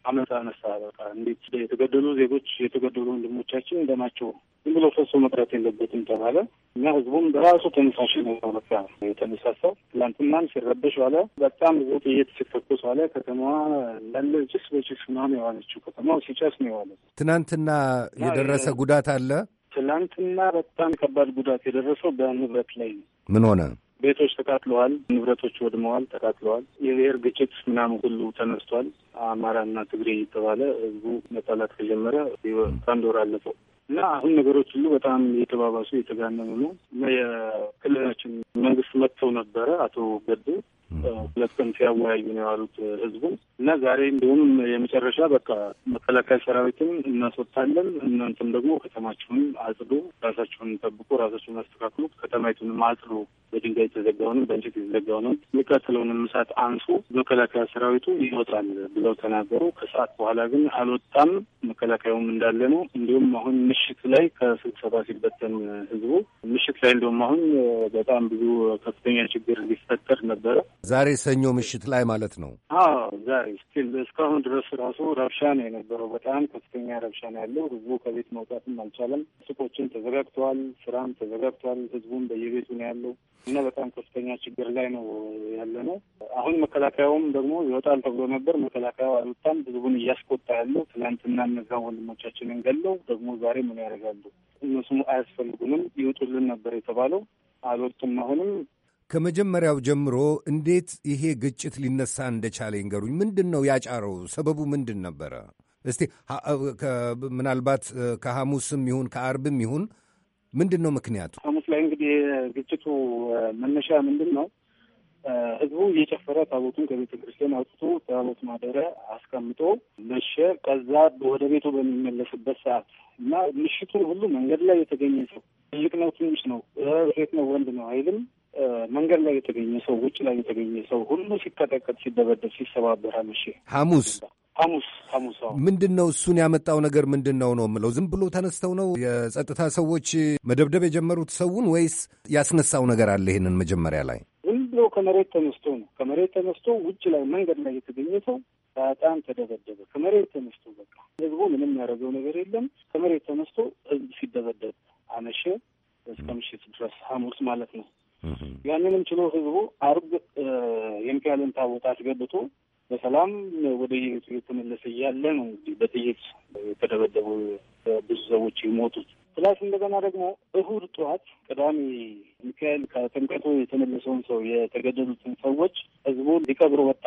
አመት አነሳ። በቃ እንዴት የተገደሉ ዜጎች የተገደሉ ወንድሞቻችን ደማቸው ዝም ብሎ ፈሶ መቅረት የለበትም ተባለ እና ህዝቡም በራሱ ተነሳሽ ነው በቃ የተነሳሳው። ትላንትናም ሲረበሽ ዋለ። በጣም ብዙ ጥይት ሲተኮስ ዋለ። ከተማዋ እንዳለ ጭስ በጭስ ምናምን የዋለችው ከተማው ሲጨስ ነው የዋለ። ትናንትና የደረሰ ጉዳት አለ። ትላንትና በጣም ከባድ ጉዳት የደረሰው በንብረት ላይ ነው። ምን ሆነ? ቤቶች ተቃጥለዋል፣ ንብረቶች ወድመዋል፣ ተቃጥለዋል። የብሔር ግጭት ምናምን ሁሉ ተነስቷል። አማራና ትግሬ እየተባለ ህዝቡ መጣላት ከጀመረ ከአንድ ወር አለፈው እና አሁን ነገሮች ሁሉ በጣም የተባባሱ የተጋነኑ ነው። የክልላችን መንግስት መጥተው ነበረ አቶ ገዱ ሁለት ቀን ሲያወያዩ ነው ያሉት ህዝቡ እና ዛሬ እንዲሁም የመጨረሻ በቃ መከላከያ ሰራዊትን እናስወጣለን፣ እናንተም ደግሞ ከተማችሁን አጽዱ፣ ራሳችሁን ጠብቁ፣ ራሳችሁን አስተካክሉ፣ ከተማይቱንም አጽዱ፣ በድንጋይ የተዘጋውንም በእንጨት የተዘጋውንም የቀትለውንም እሳት አንሱ፣ መከላከያ ሰራዊቱ ይወጣል ብለው ተናገሩ። ከሰዓት በኋላ ግን አልወጣም፣ መከላከያውም እንዳለ ነው። እንዲሁም አሁን ምሽት ላይ ከስብሰባ ሲበተን ህዝቡ ምሽት ላይ እንዲሁም አሁን በጣም ብዙ ከፍተኛ ችግር ሊፈጠር ነበረ ዛሬ ሰኞ ምሽት ላይ ማለት ነው። አዎ ዛሬ ስቲል እስካሁን ድረስ ራሱ ረብሻ ነው የነበረው። በጣም ከፍተኛ ረብሻ ነው ያለው። ህዝቡ ከቤት መውጣትም አልቻለም። ሱቆችን ተዘጋግተዋል፣ ስራም ተዘጋግተዋል። ህዝቡም በየቤቱ ነው ያለው እና በጣም ከፍተኛ ችግር ላይ ነው ያለ ነው። አሁን መከላከያውም ደግሞ ይወጣል ተብሎ ነበር። መከላከያው አልወጣም። ህዝቡን እያስቆጣ ያለው ትናንትና እነዛ ወንድሞቻችንን ገለው ደግሞ ዛሬ ምን ያደርጋሉ? እነሱም አያስፈልጉንም ይውጡልን ነበር የተባለው አልወጡም። አሁንም ከመጀመሪያው ጀምሮ እንዴት ይሄ ግጭት ሊነሳ እንደቻለ ይንገሩኝ። ምንድን ነው ያጫረው? ሰበቡ ምንድን ነበረ? እስቲ ምናልባት ከሐሙስም ይሁን ከአርብም ይሁን ምንድን ነው ምክንያቱ? ሐሙስ ላይ እንግዲህ ግጭቱ መነሻ ምንድን ነው? ህዝቡ እየጨፈረ ታቦቱን ከቤተ ክርስቲያን አውጥቶ ታቦት ማደረ አስቀምጦ መሸ። ከዛ ወደ ቤቱ በሚመለስበት ሰዓት እና ምሽቱን ሁሉ መንገድ ላይ የተገኘ ሰው ትልቅ ነው ትንሽ ነው፣ ሴት ነው ወንድ ነው አይልም መንገድ ላይ የተገኘ ሰው ውጭ ላይ የተገኘ ሰው ሁሉ ሲቀጠቀጥ፣ ሲደበደብ፣ ሲሰባበር አመሸ። ሐሙስ ሐሙስ ሐሙስ ምንድን ነው እሱን ያመጣው ነገር ምንድን ነው ነው የምለው። ዝም ብሎ ተነስተው ነው የጸጥታ ሰዎች መደብደብ የጀመሩት ሰውን ወይስ ያስነሳው ነገር አለ? ይህንን መጀመሪያ ላይ ዝም ብሎ ከመሬት ተነስቶ ነው። ከመሬት ተነስቶ ውጭ ላይ መንገድ ላይ የተገኘ ሰው በጣም ተደበደበ። ከመሬት ተነስቶ በቃ ህዝቡ ምንም ያደረገው ነገር የለም። ከመሬት ተነስቶ ህዝብ ሲደበደብ አመሸ እስከ ምሽት ድረስ ሐሙስ ማለት ነው። ያንንም ችሎ ህዝቡ አርብ የሚካኤልን ታቦት አስገብቶ በሰላም ወደ የቤቱ የተመለሰ እያለ ነው እንግዲህ በጥይት የተደበደቡ ብዙ ሰዎች ይሞቱት። ፕላስ እንደገና ደግሞ እሁድ ጠዋት ቅዳሜ ሚካኤል ከጥምቀቱ የተመለሰውን ሰው የተገደሉትን ሰዎች ህዝቡ ሊቀብሩ ወጣ።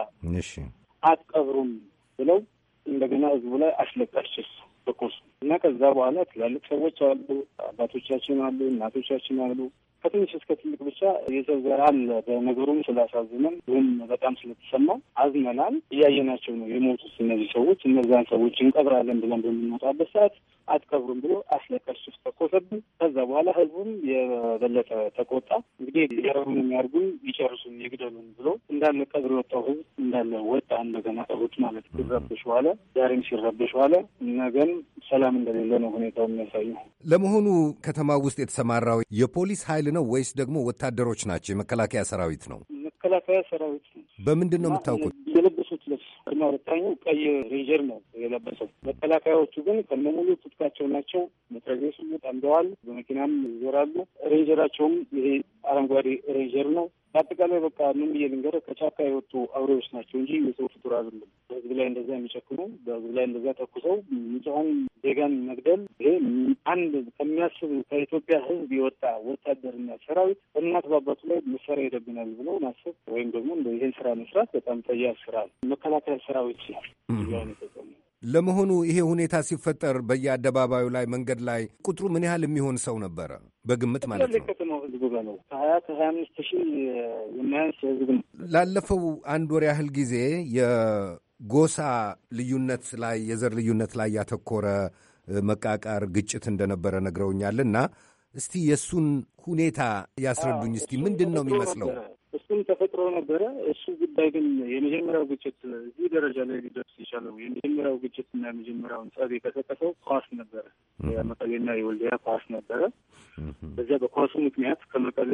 አትቀብሩም ብለው እንደገና ህዝቡ ላይ አስለቃሽ ጭስ እና ከዛ በኋላ ትላልቅ ሰዎች አሉ፣ አባቶቻችን አሉ፣ እናቶቻችን አሉ ከትንሽ እስከ ትልቅ ብቻ የሰው አለ። በነገሩም ስላሳዝነን ይህም በጣም ስለተሰማው አዝነናል። እያየናቸው ነው የሞቱት እነዚህ ሰዎች። እነዛን ሰዎች እንቀብራለን ብለን በምንወጣበት ሰዓት አትቀብሩም ብሎ አስለቀሱ ተኮሰብን። ከዛ በኋላ ህዝቡም የበለጠ ተቆጣ። እንግዲህ ያረጉን የሚያርጉን ይጨርሱን ይግደሉን ብሎ እንዳለ ቀብር የወጣው ህዝብ እንዳለ ወጣ። እንደገና እሑድ ማለት ሲረብሽ ዋለ። ዛሬም ሲረብሽ ዋለ። ነገን ሰላም እንደሌለ ነው ሁኔታው የሚያሳዩ። ለመሆኑ ከተማ ውስጥ የተሰማራው የፖሊስ ኃይል ነው ወይስ ደግሞ ወታደሮች ናቸው? የመከላከያ ሰራዊት ነው። መከላከያ ሰራዊት ነው። በምንድን ነው የምታውቁት? አድማወታኙ ቀይ ሬንጀር ነው የለበሰው። መከላከያዎቹ ግን ከነሙሉ ትጥቃቸው ናቸው። መትረየሱ ጠምደዋል። በመኪናም ይዞራሉ። ሬንጀራቸውም ይሄ አረንጓዴ ሬንጀር ነው። በአጠቃላይ በቃ ምን ብዬ ልንገር ከጫካ የወጡ አውሬዎች ናቸው እንጂ የሰው ፍጡር አይደለም። በህዝብ ላይ እንደዛ የሚጨክሙ በህዝብ ላይ እንደዚያ ተኩሰው ንጹሐን ዜጋን መግደል ይሄ አንድ ከሚያስብ ከኢትዮጵያ ህዝብ የወጣ ወታደርና ሰራዊት እናት ባባቱ ላይ መሳሪያ ይደብናል ብለው ማሰብ ወይም ደግሞ ይህን ስራ መስራት በጣም ጠያፍ ስራ ነው። መከላከያ ሰራዊት ለመሆኑ ይሄ ሁኔታ ሲፈጠር በየአደባባዩ ላይ መንገድ ላይ ቁጥሩ ምን ያህል የሚሆን ሰው ነበረ? በግምት ማለት ነው። የቀረበ ነው። ከሀያ ከሀያ አምስት ሺህ የማያንስ ህዝብ ነው። ላለፈው አንድ ወር ያህል ጊዜ የጎሳ ልዩነት ላይ የዘር ልዩነት ላይ ያተኮረ መቃቃር ግጭት እንደነበረ ነግረውኛል እና እስቲ የእሱን ሁኔታ ያስረዱኝ። እስቲ ምንድን ነው የሚመስለው? እሱም ተፈጥሮ ነበረ። እሱ ጉዳይ ግን የመጀመሪያው ግጭት እዚህ ደረጃ ላይ ሊደርስ የቻለው የመጀመሪያው ግጭትና የመጀመሪያውን ጸብ የቀሰቀሰው ኳስ ነበረ። የመቀሌና የወልዲያ ኳስ ነበረ። በዚያ በኳሱ ምክንያት ከመቀሌ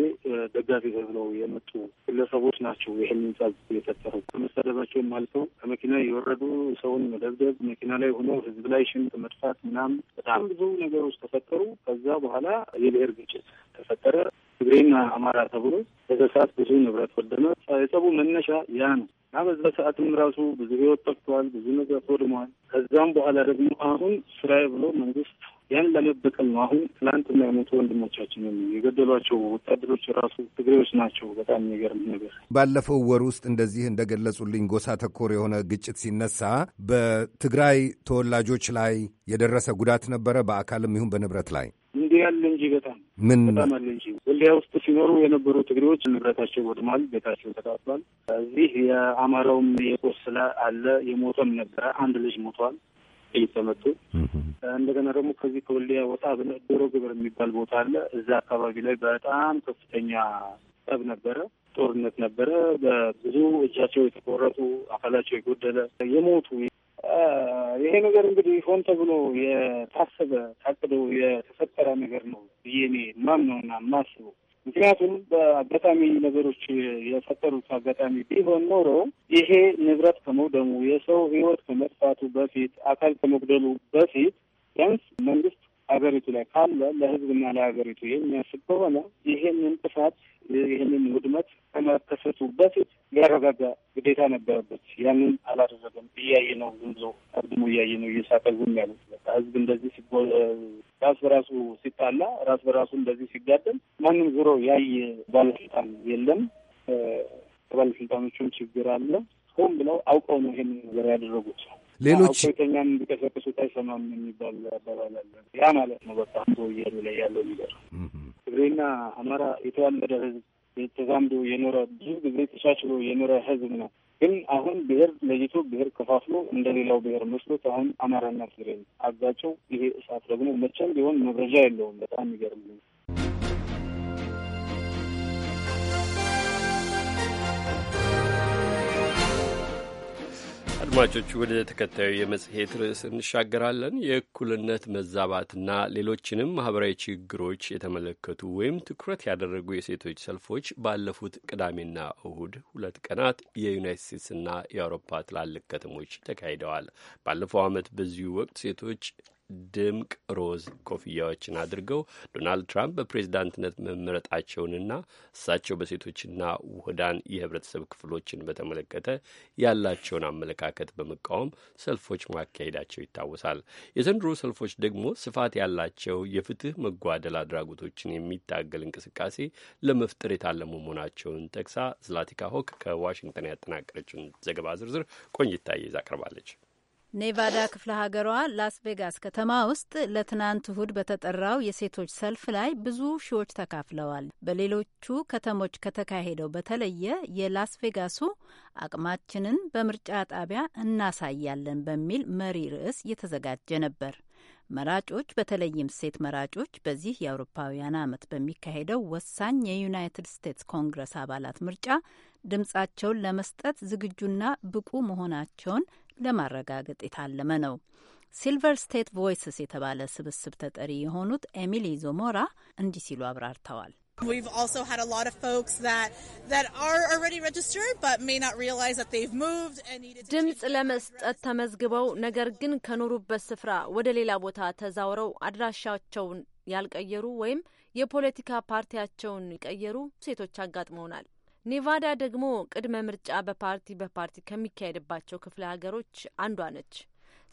ደጋፊ ተብለው የመጡ ግለሰቦች ናቸው ይህን ጸብ የፈጠረው። ከመሳደባቸውም አልፈው ከመኪና የወረዱ ሰውን መደብደብ፣ መኪና ላይ ሆኖ ህዝብ ላይ ሽንት መጥፋት ምናምን በጣም ብዙ ነገሮች ተፈጠሩ። ከዛ በኋላ የብሔር ግጭት ተፈጠረ። ትግሬና አማራ ተብሎ በዛ ሰዓት ብዙ ንብረት ወደመ። የጸቡ መነሻ ያ ነው እና በዛ ሰዓትም ራሱ ብዙ ህይወት ጠፍቷል፣ ብዙ ንብረት ወድመዋል። ከዛም በኋላ ደግሞ አሁን ስራዬ ብሎ መንግስት ያን ለመበቀል ነው። አሁን ትላንት የሞቱ ወንድሞቻችን የገደሏቸው ወታደሮች ራሱ ትግሬዎች ናቸው። በጣም የሚገርም ነገር። ባለፈው ወር ውስጥ እንደዚህ እንደገለጹልኝ ጎሳ ተኮር የሆነ ግጭት ሲነሳ በትግራይ ተወላጆች ላይ የደረሰ ጉዳት ነበረ፣ በአካልም ይሁን በንብረት ላይ እንዲህ ያለ እንጂ በጣም ምን በጣም አለ እንጂ ወልዲያ ውስጥ ሲኖሩ የነበሩ ትግሬዎች ንብረታቸው ወድሟል፣ ቤታቸው ተቃጥሏል። እዚህ የአማራውም የቆስለ አለ፣ የሞተም ነበረ። አንድ ልጅ ሞቷል እየተመጡ እንደገና ደግሞ ከዚህ ከወልዲያ ወጣ ዶሮ ግብር የሚባል ቦታ አለ። እዛ አካባቢ ላይ በጣም ከፍተኛ ጠብ ነበረ፣ ጦርነት ነበረ። በብዙ እጃቸው የተቆረጡ አካላቸው የጎደለ የሞቱ ይሄ ነገር እንግዲህ ሆን ተብሎ የታሰበ ታቅዶ የተፈጠረ ነገር ነው ብዬ እኔ ማምነውና ማስበው። ምክንያቱም በአጋጣሚ ነገሮች የፈጠሩት አጋጣሚ ቢሆን ኖሮ ይሄ ንብረት ከመውደሙ የሰው ሕይወት ከመጥፋቱ በፊት አካል ከመጉደሉ በፊት ቢያንስ መንግስት ሀገሪቱ ላይ ካለ ለህዝብና ለሀገሪቱ የሚያስብ ከሆነ ይሄንን ጥፋት ይህንን ውድመት ከመከሰቱ በፊት ሊያረጋጋ ግዴታ ነበረበት። ያንን አላደረገም። እያየ ነው ዝም ብሎ አግድሞ እያየ ነው እየሳቀ ዝም ያለ ህዝብ እንደዚህ ሲ ራስ በራሱ ሲጣላ፣ ራስ በራሱ እንደዚህ ሲጋደም ማንም ዞሮ ያየ ባለስልጣን የለም። ከባለስልጣኖቹም ችግር አለ። ሆን ብለው አውቀው ነው ይሄንን ነገር ያደረጉት። ሌሎች እኛን እንዲቀሰቅሱት አይሰማም የሚባል አባባል አለ። ያ ማለት ነው በጣም እያሉ ላይ ያለው ነገር ትግሬና አማራ የተዋለደ ህዝብ ተዛምዶ የኖረ ብዙ ጊዜ ተቻችሎ የኖረ ህዝብ ነው። ግን አሁን ብሔር ለይቶ ብሔር ከፋፍሎ እንደ ሌላው ብሔር መስሎት አሁን አማራና ትግሬ አጋጨው። ይሄ እሳት ደግሞ መቼም ቢሆን መብረጃ የለውም። በጣም ይገርም አድማጮች ወደ ተከታዩ የመጽሔት ርዕስ እንሻገራለን። የእኩልነት መዛባትና ሌሎችንም ማህበራዊ ችግሮች የተመለከቱ ወይም ትኩረት ያደረጉ የሴቶች ሰልፎች ባለፉት ቅዳሜና እሁድ ሁለት ቀናት የዩናይት ስቴትስና የአውሮፓ ትላልቅ ከተሞች ተካሂደዋል። ባለፈው ዓመት በዚሁ ወቅት ሴቶች ድምቅ ሮዝ ኮፍያዎችን አድርገው ዶናልድ ትራምፕ በፕሬዝዳንትነት መመረጣቸውንና እሳቸው በሴቶችና ውህዳን የህብረተሰብ ክፍሎችን በተመለከተ ያላቸውን አመለካከት በመቃወም ሰልፎች ማካሄዳቸው ይታወሳል። የዘንድሮ ሰልፎች ደግሞ ስፋት ያላቸው የፍትህ መጓደል አድራጎቶችን የሚታገል እንቅስቃሴ ለመፍጠር የታለሙ መሆናቸውን ጠቅሳ ዝላቲካ ሆክ ከዋሽንግተን ያጠናቀረችውን ዘገባ ዝርዝር ቆንጅታ ይዛ ቀርባለች። ኔቫዳ ክፍለ ሀገሯ ላስ ቬጋስ ከተማ ውስጥ ለትናንት እሁድ በተጠራው የሴቶች ሰልፍ ላይ ብዙ ሺዎች ተካፍለዋል። በሌሎቹ ከተሞች ከተካሄደው በተለየ የላስ ቬጋሱ አቅማችንን በምርጫ ጣቢያ እናሳያለን በሚል መሪ ርዕስ የተዘጋጀ ነበር። መራጮች በተለይም ሴት መራጮች በዚህ የአውሮፓውያን ዓመት በሚካሄደው ወሳኝ የዩናይትድ ስቴትስ ኮንግረስ አባላት ምርጫ ድምጻቸውን ለመስጠት ዝግጁና ብቁ መሆናቸውን ለማረጋገጥ የታለመ ነው። ሲልቨር ስቴት ቮይስስ የተባለ ስብስብ ተጠሪ የሆኑት ኤሚሊ ዞሞራ እንዲህ ሲሉ አብራርተዋል። We've also had a lot of folks that that are already registered but may not realize that they've moved and needed to ለመስጠት ተመዝግበው ነገር ግን ከኖሩበት ስፍራ ወደ ሌላ ቦታ ተዛውረው አድራሻቸውን ያልቀየሩ ወይም የፖለቲካ ፓርቲያቸውን ይቀየሩ ሴቶች አጋጥመውናል። ኔቫዳ ደግሞ ቅድመ ምርጫ በፓርቲ በፓርቲ ከሚካሄድባቸው ክፍለ ሀገሮች አንዷ ነች።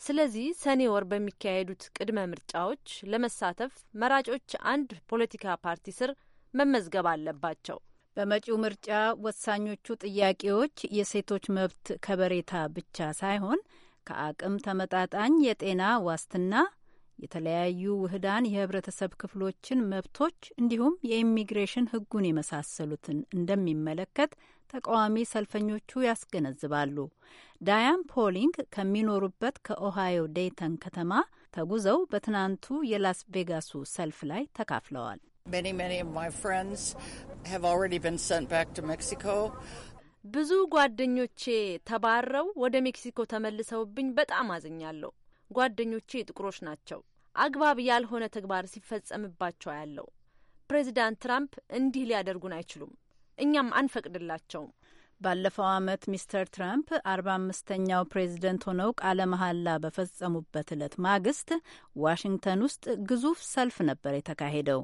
ስለዚህ ሰኔ ወር በሚካሄዱት ቅድመ ምርጫዎች ለመሳተፍ መራጮች አንድ ፖለቲካ ፓርቲ ስር መመዝገብ አለባቸው። በመጪው ምርጫ ወሳኞቹ ጥያቄዎች የሴቶች መብት ከበሬታ ብቻ ሳይሆን ከአቅም ተመጣጣኝ የጤና ዋስትና፣ የተለያዩ ውህዳን የህብረተሰብ ክፍሎችን መብቶች እንዲሁም የኢሚግሬሽን ህጉን የመሳሰሉትን እንደሚመለከት ተቃዋሚ ሰልፈኞቹ ያስገነዝባሉ። ዳያን ፖሊንግ ከሚኖሩበት ከኦሃዮ ዴይተን ከተማ ተጉዘው በትናንቱ የላስ ቬጋሱ ሰልፍ ላይ ተካፍለዋል። ብዙ ጓደኞቼ ተባረው ወደ ሜክሲኮ ተመልሰውብኝ በጣም አዝኛለሁ። ጓደኞቼ ጥቁሮች ናቸው። አግባብ ያልሆነ ተግባር ሲፈጸምባቸው ያለው ፕሬዚዳንት ትራምፕ እንዲህ ሊያደርጉን አይችሉም፣ እኛም አንፈቅድላቸውም። ባለፈው ዓመት ሚስተር ትራምፕ አርባ አምስተኛው ፕሬዝደንት ሆነው ቃለ መሐላ በፈጸሙበት ዕለት ማግስት ዋሽንግተን ውስጥ ግዙፍ ሰልፍ ነበር የተካሄደው።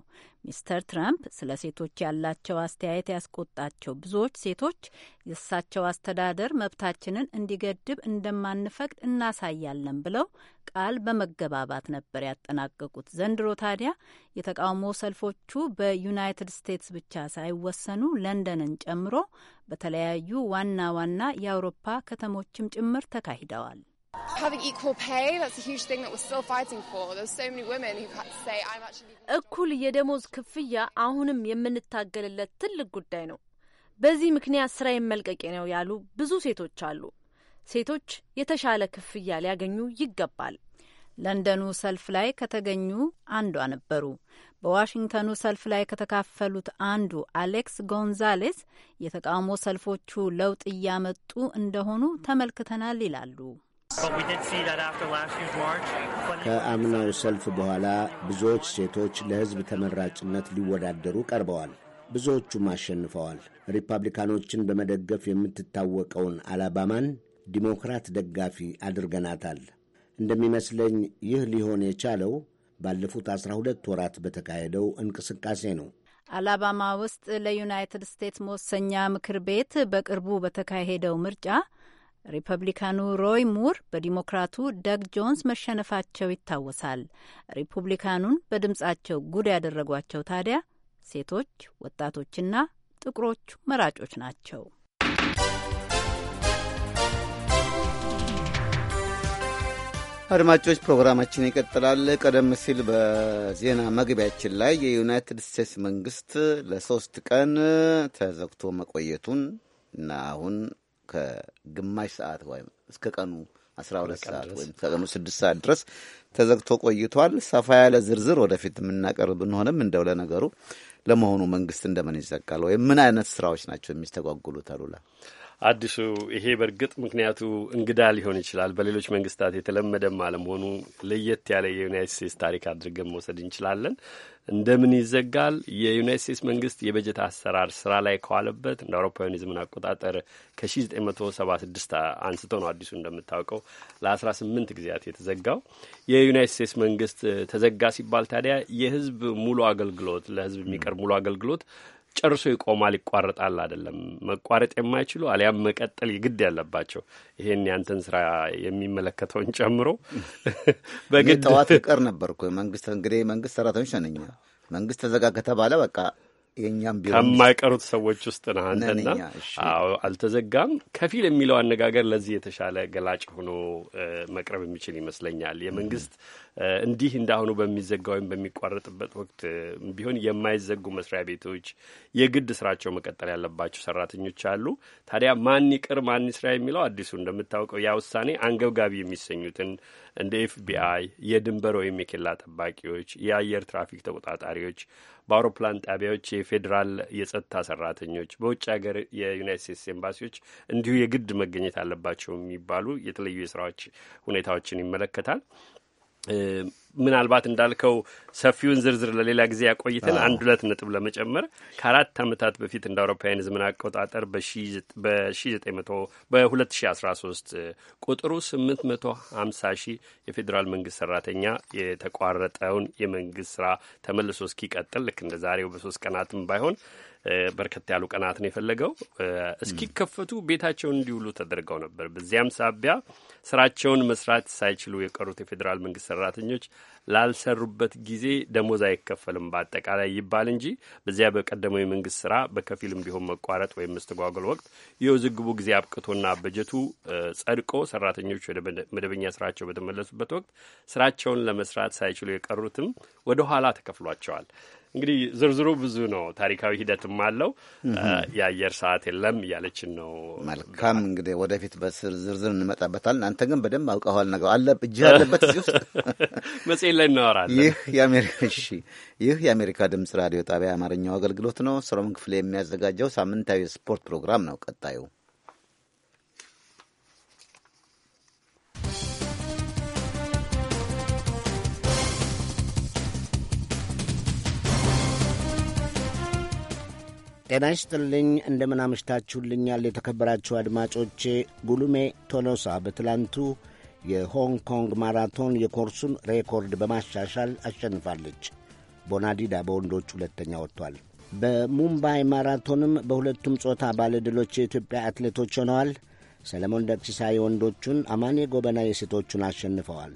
ሚስተር ትራምፕ ስለ ሴቶች ያላቸው አስተያየት ያስቆጣቸው ብዙዎች ሴቶች የእሳቸው አስተዳደር መብታችንን እንዲገድብ እንደማንፈቅድ እናሳያለን ብለው ቃል በመገባባት ነበር ያጠናቀቁት። ዘንድሮ ታዲያ የተቃውሞ ሰልፎቹ በዩናይትድ ስቴትስ ብቻ ሳይወሰኑ ለንደንን ጨምሮ በተለያዩ ዋና ዋና የአውሮፓ ከተሞችም ጭምር ተካሂደዋል። እኩል የደሞዝ ክፍያ አሁንም የምንታገልለት ትልቅ ጉዳይ ነው። በዚህ ምክንያት ስራ የመልቀቄ ነው ያሉ ብዙ ሴቶች አሉ። ሴቶች የተሻለ ክፍያ ሊያገኙ ይገባል። ለንደኑ ሰልፍ ላይ ከተገኙ አንዷ ነበሩ። በዋሽንግተኑ ሰልፍ ላይ ከተካፈሉት አንዱ አሌክስ ጎንዛሌስ የተቃውሞ ሰልፎቹ ለውጥ እያመጡ እንደሆኑ ተመልክተናል ይላሉ። ከአምናው ሰልፍ በኋላ ብዙዎች ሴቶች ለሕዝብ ተመራጭነት ሊወዳደሩ ቀርበዋል። ብዙዎቹም አሸንፈዋል። ሪፐብሊካኖችን በመደገፍ የምትታወቀውን አላባማን ዲሞክራት ደጋፊ አድርገናታል። እንደሚመስለኝ ይህ ሊሆን የቻለው ባለፉት አስራ ሁለት ወራት በተካሄደው እንቅስቃሴ ነው። አላባማ ውስጥ ለዩናይትድ ስቴትስ መወሰኛ ምክር ቤት በቅርቡ በተካሄደው ምርጫ ሪፐብሊካኑ ሮይ ሙር በዲሞክራቱ ዳግ ጆንስ መሸነፋቸው ይታወሳል። ሪፑብሊካኑን በድምጻቸው ጉድ ያደረጓቸው ታዲያ ሴቶች፣ ወጣቶችና ጥቁሮች መራጮች ናቸው። አድማጮች ፕሮግራማችን ይቀጥላል። ቀደም ሲል በዜና መግቢያችን ላይ የዩናይትድ ስቴትስ መንግስት ለሶስት ቀን ተዘግቶ መቆየቱን እና አሁን ከግማሽ ሰዓት ወይም እስከ ቀኑ 12 ሰዓት ወይም እስከ ቀኑ ስድስት ሰዓት ድረስ ተዘግቶ ቆይቷል። ሰፋ ያለ ዝርዝር ወደፊት የምናቀርብ ብንሆንም እንደው ለነገሩ ለመሆኑ መንግስት እንደምን ይዘጋል ወይም ምን አይነት ስራዎች ናቸው የሚስተጓጉሉት? አሉላ አዲሱ ይሄ በእርግጥ ምክንያቱ እንግዳ ሊሆን ይችላል። በሌሎች መንግስታት የተለመደም አለመሆኑ ለየት ያለ የዩናይት ስቴትስ ታሪክ አድርገን መውሰድ እንችላለን። እንደምን ይዘጋል? የዩናይት ስቴትስ መንግስት የበጀት አሰራር ስራ ላይ ከዋለበት እንደ አውሮፓውያን የዘመን አቆጣጠር ከ1976 አንስቶ ነው አዲሱ እንደምታውቀው ለ18 ጊዜያት የተዘጋው። የዩናይት ስቴትስ መንግስት ተዘጋ ሲባል ታዲያ የህዝብ ሙሉ አገልግሎት ለህዝብ የሚቀርብ ሙሉ አገልግሎት ጨርሶ ይቆማል፣ ይቋረጣል አይደለም። መቋረጥ የማይችሉ አሊያም መቀጠል የግድ ያለባቸው ይሄን ያንተን ስራ የሚመለከተውን ጨምሮ <laughs> በግድ ጠዋት ይቀር ነበር መንግስት እንግዲህ መንግስት ሰራተኞች ነኝ። መንግስት ተዘጋ ከተባለ በቃ የእኛም ቢሮ ከማይቀሩት ሰዎች ውስጥ ነህ አንተና። አዎ አልተዘጋም ከፊል የሚለው አነጋገር ለዚህ የተሻለ ገላጭ ሆኖ መቅረብ የሚችል ይመስለኛል። የመንግስት እንዲህ እንዳሁኑ በሚዘጋ ወይም በሚቋረጥበት ወቅት ቢሆን የማይዘጉ መስሪያ ቤቶች የግድ ስራቸው መቀጠል ያለባቸው ሰራተኞች አሉ። ታዲያ ማን ይቅር ማን ስራ የሚለው አዲሱ እንደምታውቀው ያ ውሳኔ አንገብጋቢ የሚሰኙትን እንደ ኤፍቢአይ፣ የድንበር ወይም የኬላ ጠባቂዎች፣ የአየር ትራፊክ ተቆጣጣሪዎች በአውሮፕላን ጣቢያዎች የፌዴራል የጸጥታ ሰራተኞች፣ በውጭ ሀገር የዩናይት ስቴትስ ኤምባሲዎች እንዲሁ የግድ መገኘት አለባቸው የሚባሉ የተለዩ የስራዎች ሁኔታዎችን ይመለከታል። ምናልባት እንዳልከው ሰፊውን ዝርዝር ለሌላ ጊዜ ያቆይትን አንድ ሁለት ነጥብ ለመጨመር ከአራት ዓመታት በፊት እንደ አውሮፓውያን ዘመን አቆጣጠር በ2013 ቁጥሩ 850 ሺህ የፌዴራል መንግስት ሰራተኛ የተቋረጠውን የመንግስት ስራ ተመልሶ እስኪቀጥል ልክ እንደ ዛሬው በሶስት ቀናትም ባይሆን በርከት ያሉ ቀናትን የፈለገው እስኪከፈቱ ቤታቸውን እንዲውሉ ተደርገው ነበር። በዚያም ሳቢያ ስራቸውን መስራት ሳይችሉ የቀሩት የፌዴራል መንግስት ሰራተኞች ላልሰሩበት ጊዜ ደሞዝ አይከፈልም በአጠቃላይ ይባል እንጂ በዚያ በቀደመው የመንግስት ስራ በከፊልም ቢሆን መቋረጥ ወይም መስተጓጎል ወቅት የውዝግቡ ጊዜ አብቅቶና በጀቱ ጸድቆ ሰራተኞች ወደ መደበኛ ስራቸው በተመለሱበት ወቅት ስራቸውን ለመስራት ሳይችሉ የቀሩትም ወደ ኋላ ተከፍሏቸዋል። እንግዲህ ዝርዝሩ ብዙ ነው። ታሪካዊ ሂደትም አለው። የአየር ሰዓት የለም እያለችን ነው። መልካም እንግዲህ ወደፊት በዝርዝር እንመጣበታለን። አንተ ግን በደንብ አውቀኋል። ነገር አለ እጅ ያለበት እዚህ ውስጥ <laughs> መጽሔት ላይ እናወራለን። ይህ ይህ የአሜሪካ ድምፅ ራዲዮ ጣቢያ የአማርኛው አገልግሎት ነው። ሰሎሞን ክፍሌ የሚያዘጋጀው ሳምንታዊ የስፖርት ፕሮግራም ነው። ቀጣዩ ጤና ይስጥልኝ እንደምን አምሽታችሁልኛል የተከበራችሁ አድማጮቼ። ጉሉሜ ቶሎሳ በትላንቱ የሆንግ ኮንግ ማራቶን የኮርሱን ሬኮርድ በማሻሻል አሸንፋለች። ቦናዲዳ በወንዶች ሁለተኛ ወጥቷል። በሙምባይ ማራቶንም በሁለቱም ጾታ ባለድሎች የኢትዮጵያ አትሌቶች ሆነዋል። ሰለሞን ደቅሲሳ የወንዶቹን፣ አማኔ ጎበና የሴቶቹን አሸንፈዋል።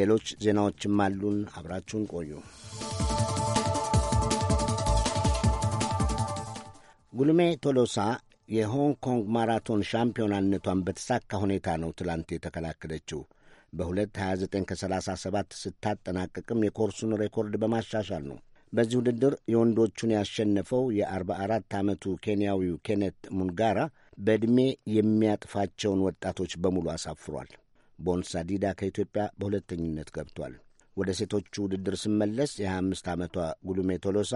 ሌሎች ዜናዎችም አሉን። አብራችሁን ቆዩ። ጉልሜ ቶሎሳ የሆንግ ኮንግ ማራቶን ሻምፒዮናነቷን በተሳካ ሁኔታ ነው ትላንት የተከላከለችው። በ229 ከ37 ስታጠናቅቅም የኮርሱን ሬኮርድ በማሻሻል ነው። በዚህ ውድድር የወንዶቹን ያሸነፈው የ44 ዓመቱ ኬንያዊው ኬነት ሙንጋራ በዕድሜ የሚያጥፋቸውን ወጣቶች በሙሉ አሳፍሯል። ቦንሳ ዲዳ ከኢትዮጵያ በሁለተኝነት ገብቷል። ወደ ሴቶቹ ውድድር ስመለስ የ25 ዓመቷ ጉሉሜ ቶሎሳ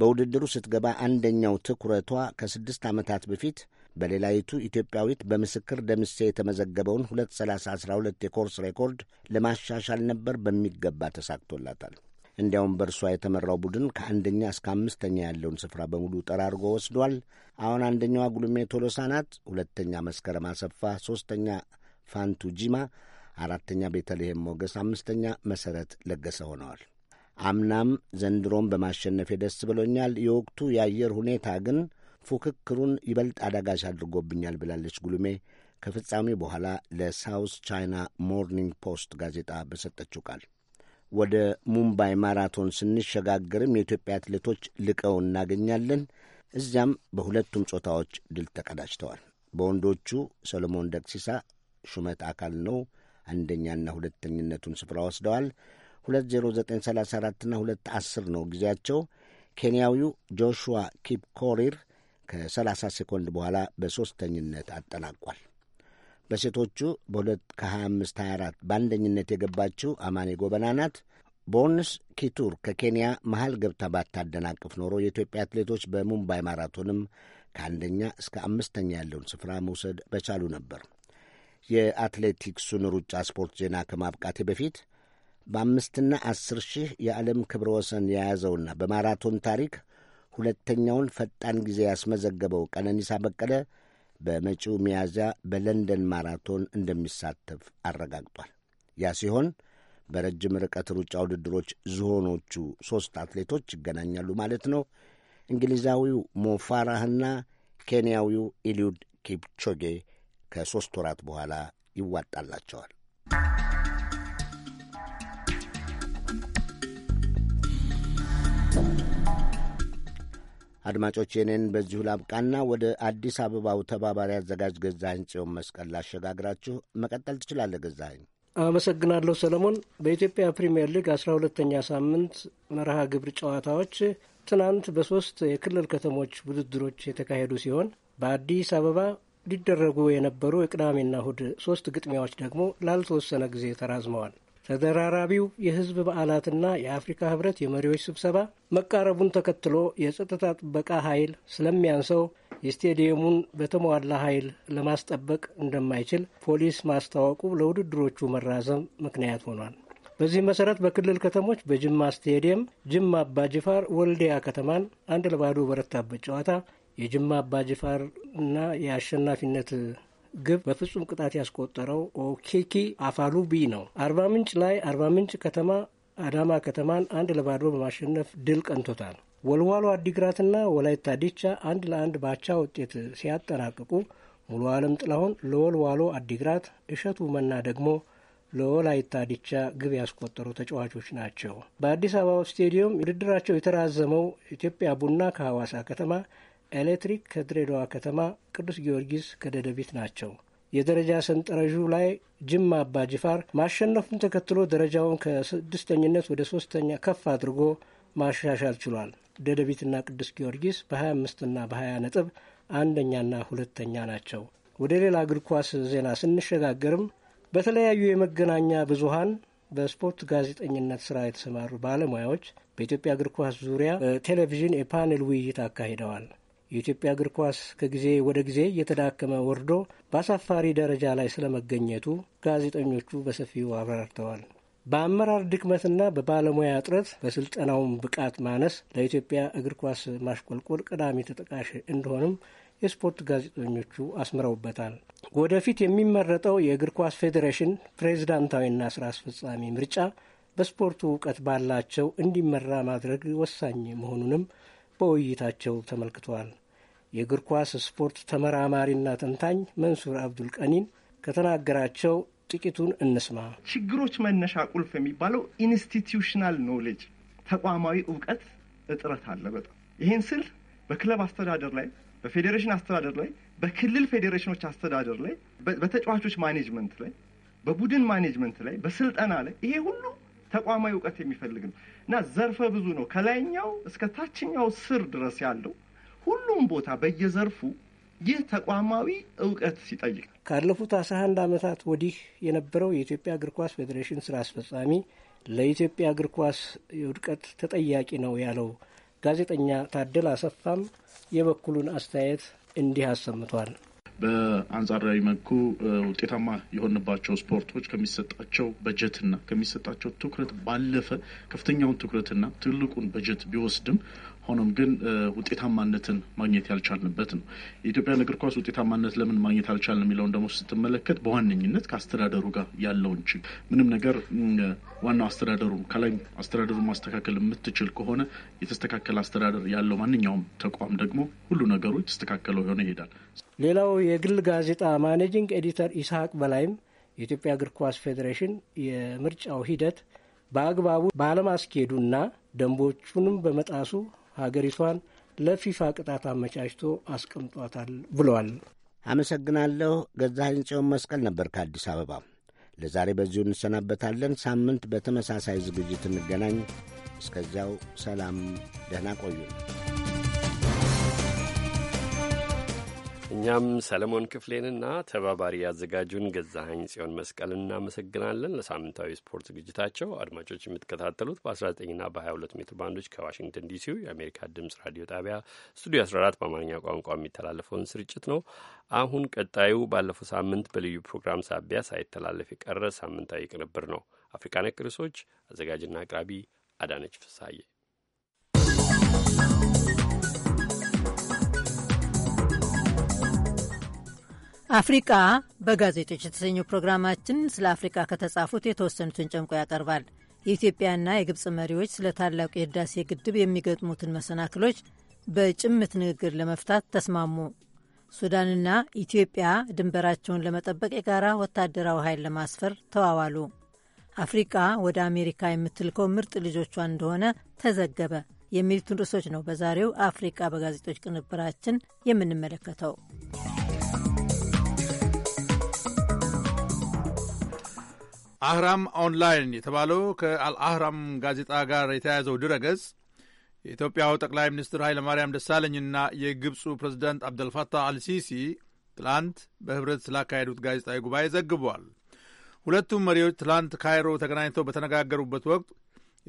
በውድድሩ ስትገባ አንደኛው ትኩረቷ ከስድስት ዓመታት በፊት በሌላዪቱ ኢትዮጵያዊት በምስክር ደምሴ የተመዘገበውን 2312 የኮርስ ሬኮርድ ለማሻሻል ነበር። በሚገባ ተሳክቶላታል። እንዲያውም በእርሷ የተመራው ቡድን ከአንደኛ እስከ አምስተኛ ያለውን ስፍራ በሙሉ ጠራርጎ ወስዷል። አሁን አንደኛዋ ጉሉሜ ቶሎሳ ናት። ሁለተኛ መስከረም አሰፋ፣ ሦስተኛ ፋንቱ ጂማ አራተኛ ቤተልሔም ሞገስ፣ አምስተኛ መሠረት ለገሰ ሆነዋል። አምናም ዘንድሮም በማሸነፌ ደስ ብሎኛል። የወቅቱ የአየር ሁኔታ ግን ፉክክሩን ይበልጥ አዳጋች አድርጎብኛል ብላለች ጉሉሜ ከፍጻሜ በኋላ ለሳውስ ቻይና ሞርኒንግ ፖስት ጋዜጣ በሰጠችው ቃል። ወደ ሙምባይ ማራቶን ስንሸጋገርም የኢትዮጵያ አትሌቶች ልቀው እናገኛለን። እዚያም በሁለቱም ጾታዎች ድል ተቀዳጅተዋል። በወንዶቹ ሰሎሞን ደቅሲሳ ሹመት አካል ነው አንደኛና ሁለተኝነቱን ስፍራ ወስደዋል። 20934ና 210 ነው ጊዜያቸው። ኬንያዊው ጆሹዋ ኮሪር ከ30 ሴኮንድ በኋላ በሦስተኝነት አጠናቋል። በሴቶቹ በ2 ከ2524 በአንደኝነት የገባችው አማኔ ጎበና ናት። ቦንስ ኪቱር ከኬንያ መሃል ገብታ ባታደናቅፍ ኖሮ የኢትዮጵያ አትሌቶች በሙምባይ ማራቶንም ከአንደኛ እስከ አምስተኛ ያለውን ስፍራ መውሰድ በቻሉ ነበር። የአትሌቲክሱን ሩጫ ስፖርት ዜና ከማብቃቴ በፊት በአምስትና አስር ሺህ የዓለም ክብረ ወሰን የያዘውና በማራቶን ታሪክ ሁለተኛውን ፈጣን ጊዜ ያስመዘገበው ቀነኒሳ በቀለ በመጪው ሚያዝያ በለንደን ማራቶን እንደሚሳተፍ አረጋግጧል። ያ ሲሆን በረጅም ርቀት ሩጫ ውድድሮች ዝሆኖቹ ሦስት አትሌቶች ይገናኛሉ ማለት ነው። እንግሊዛዊው ሞፋራህና ኬንያዊው ኢልዩድ ኪፕቾጌ ከሦስት ወራት በኋላ ይዋጣላቸዋል። አድማጮች የኔን በዚሁ ላብቃና ወደ አዲስ አበባው ተባባሪ አዘጋጅ ገዛኸኝ ጽዮን መስቀል ላሸጋግራችሁ። መቀጠል ትችላለህ ገዛኸኝ። አመሰግናለሁ ሰለሞን። በኢትዮጵያ ፕሪምየር ሊግ አስራ ሁለተኛ ሳምንት መርሃ ግብር ጨዋታዎች ትናንት በሶስት የክልል ከተሞች ውድድሮች የተካሄዱ ሲሆን በአዲስ አበባ ሊደረጉ የነበሩ የቅዳሜና እሁድ ሶስት ግጥሚያዎች ደግሞ ላልተወሰነ ጊዜ ተራዝመዋል። ተደራራቢው የህዝብ በዓላትና የአፍሪካ ህብረት የመሪዎች ስብሰባ መቃረቡን ተከትሎ የጸጥታ ጥበቃ ኃይል ስለሚያንሰው የስቴዲየሙን በተሟላ ኃይል ለማስጠበቅ እንደማይችል ፖሊስ ማስታወቁ ለውድድሮቹ መራዘም ምክንያት ሆኗል። በዚህ መሰረት በክልል ከተሞች በጅማ ስቴዲየም ጅማ አባጅፋር ወልዲያ ከተማን አንድ ለባዶ በረታበት ጨዋታ የጅማ አባጅፋር እና የአሸናፊነት ግብ በፍጹም ቅጣት ያስቆጠረው ኦኬኪ አፋሉቢ ነው። አርባ ምንጭ ላይ አርባ ምንጭ ከተማ አዳማ ከተማን አንድ ለባዶ በማሸነፍ ድል ቀንቶታል። ወልዋሎ አዲግራትና ወላይታ ዲቻ አንድ ለአንድ ባቻ ውጤት ሲያጠናቅቁ ሙሉ አለም ጥላሁን ለወልዋሎ አዲግራት፣ እሸቱ መና ደግሞ ለወላይታ ዲቻ ግብ ያስቆጠሩ ተጫዋቾች ናቸው። በአዲስ አበባ ስቴዲየም ውድድራቸው የተራዘመው ኢትዮጵያ ቡና ከሐዋሳ ከተማ ኤሌክትሪክ ከድሬዳዋ ከተማ፣ ቅዱስ ጊዮርጊስ ከደደቢት ናቸው። የደረጃ ሰንጠረዡ ላይ ጅማ አባ ጅፋር ማሸነፉን ተከትሎ ደረጃውን ከስድስተኝነት ወደ ሶስተኛ ከፍ አድርጎ ማሻሻል ችሏል። ደደቢትና ቅዱስ ጊዮርጊስ በ25ና በ20 ነጥብ አንደኛና ሁለተኛ ናቸው። ወደ ሌላ እግር ኳስ ዜና ስንሸጋገርም በተለያዩ የመገናኛ ብዙሃን በስፖርት ጋዜጠኝነት ስራ የተሰማሩ ባለሙያዎች በኢትዮጵያ እግር ኳስ ዙሪያ በቴሌቪዥን የፓኔል ውይይት አካሂደዋል። የኢትዮጵያ እግር ኳስ ከጊዜ ወደ ጊዜ እየተዳከመ ወርዶ በአሳፋሪ ደረጃ ላይ ስለመገኘቱ ጋዜጠኞቹ በሰፊው አብራርተዋል። በአመራር ድክመትና በባለሙያ እጥረት በስልጠናውም ብቃት ማነስ ለኢትዮጵያ እግር ኳስ ማሽቆልቆል ቀዳሚ ተጠቃሽ እንደሆንም የስፖርት ጋዜጠኞቹ አስምረውበታል። ወደፊት የሚመረጠው የእግር ኳስ ፌዴሬሽን ፕሬዝዳንታዊና ስራ አስፈጻሚ ምርጫ በስፖርቱ እውቀት ባላቸው እንዲመራ ማድረግ ወሳኝ መሆኑንም በውይይታቸው ተመልክቷል። የእግር ኳስ ስፖርት ተመራማሪና ተንታኝ መንሱር አብዱል ቀኒን ከተናገራቸው ጥቂቱን እንስማ። ችግሮች መነሻ ቁልፍ የሚባለው ኢንስቲትዩሽናል ኖሌጅ ተቋማዊ እውቀት እጥረት አለ። በጣም ይህን ስል በክለብ አስተዳደር ላይ፣ በፌዴሬሽን አስተዳደር ላይ፣ በክልል ፌዴሬሽኖች አስተዳደር ላይ፣ በተጫዋቾች ማኔጅመንት ላይ፣ በቡድን ማኔጅመንት ላይ፣ በስልጠና ላይ ይሄ ሁሉ ተቋማዊ እውቀት የሚፈልግ ነው እና ዘርፈ ብዙ ነው። ከላይኛው እስከ ታችኛው ስር ድረስ ያለው ሁሉም ቦታ በየዘርፉ ይህ ተቋማዊ እውቀት ሲጠይቅ ካለፉት አስራ አንድ ዓመታት ወዲህ የነበረው የኢትዮጵያ እግር ኳስ ፌዴሬሽን ስራ አስፈጻሚ ለኢትዮጵያ እግር ኳስ ውድቀት ተጠያቂ ነው ያለው ጋዜጠኛ ታደል አሰፋም የበኩሉን አስተያየት እንዲህ አሰምቷል። በአንጻራዊ መልኩ ውጤታማ የሆንባቸው ስፖርቶች ከሚሰጣቸው በጀትና ከሚሰጣቸው ትኩረት ባለፈ ከፍተኛውን ትኩረትና ትልቁን በጀት ቢወስድም ሆኖም ግን ውጤታማነትን ማግኘት ያልቻልንበት ነው። የኢትዮጵያን እግር ኳስ ውጤታማነት ለምን ማግኘት አልቻልን የሚለውን ደግሞ ስትመለከት በዋነኝነት ከአስተዳደሩ ጋር ያለውን ችግር ምንም ነገር ዋናው አስተዳደሩ ከላይ አስተዳደሩ ማስተካከል የምትችል ከሆነ የተስተካከለ አስተዳደር ያለው ማንኛውም ተቋም ደግሞ ሁሉ ነገሩ የተስተካከለው የሆነ ይሄዳል። ሌላው የግል ጋዜጣ ማኔጂንግ ኤዲተር ኢስሐቅ በላይም የኢትዮጵያ እግር ኳስ ፌዴሬሽን የምርጫው ሂደት በአግባቡ ባለማስኬዱና ደንቦቹንም በመጣሱ ሀገሪቷን ለፊፋ ቅጣት አመቻችቶ አስቀምጧታል ብለዋል። አመሰግናለሁ። ገዛኸኝ ጽዮን መስቀል ነበር ከአዲስ አበባ። ለዛሬ በዚሁ እንሰናበታለን። ሳምንት በተመሳሳይ ዝግጅት እንገናኝ። እስከዚያው ሰላም፣ ደህና ቆዩ። እኛም ሰለሞን ክፍሌንና ተባባሪ አዘጋጁን ገዛሀኝ ጽዮን መስቀል እናመሰግናለን። ለሳምንታዊ ስፖርት ዝግጅታቸው አድማጮች የምትከታተሉት በ19ና በ22 ሜትር ባንዶች ከዋሽንግተን ዲሲው የአሜሪካ ድምጽ ራዲዮ ጣቢያ ስቱዲዮ 14 በአማርኛ ቋንቋ የሚተላለፈውን ስርጭት ነው። አሁን ቀጣዩ ባለፈው ሳምንት በልዩ ፕሮግራም ሳቢያ ሳይተላለፍ የቀረ ሳምንታዊ ቅንብር ነው። አፍሪካ ነክ ርዕሶች አዘጋጅና አቅራቢ አዳነች ፍሳዬ አፍሪቃ በጋዜጦች የተሰኘው ፕሮግራማችን ስለ አፍሪቃ ከተጻፉት የተወሰኑትን ጨምቆ ያቀርባል። የኢትዮጵያና የግብፅ መሪዎች ስለ ታላቁ የህዳሴ ግድብ የሚገጥሙትን መሰናክሎች በጭምት ንግግር ለመፍታት ተስማሙ። ሱዳንና ኢትዮጵያ ድንበራቸውን ለመጠበቅ የጋራ ወታደራዊ ኃይል ለማስፈር ተዋዋሉ። አፍሪቃ ወደ አሜሪካ የምትልከው ምርጥ ልጆቿ እንደሆነ ተዘገበ። የሚሉትን ርዕሶች ነው በዛሬው አፍሪቃ በጋዜጦች ቅንብራችን የምንመለከተው። አህራም ኦንላይን የተባለው ከአልአህራም ጋዜጣ ጋር የተያያዘው ድረገጽ የኢትዮጵያው ጠቅላይ ሚኒስትር ኃይለ ማርያም ደሳለኝና የግብፁ ፕሬዚዳንት አብደልፋታህ አልሲሲ ትላንት በህብረት ስላካሄዱት ጋዜጣዊ ጉባኤ ዘግቧል። ሁለቱም መሪዎች ትላንት ካይሮ ተገናኝተው በተነጋገሩበት ወቅት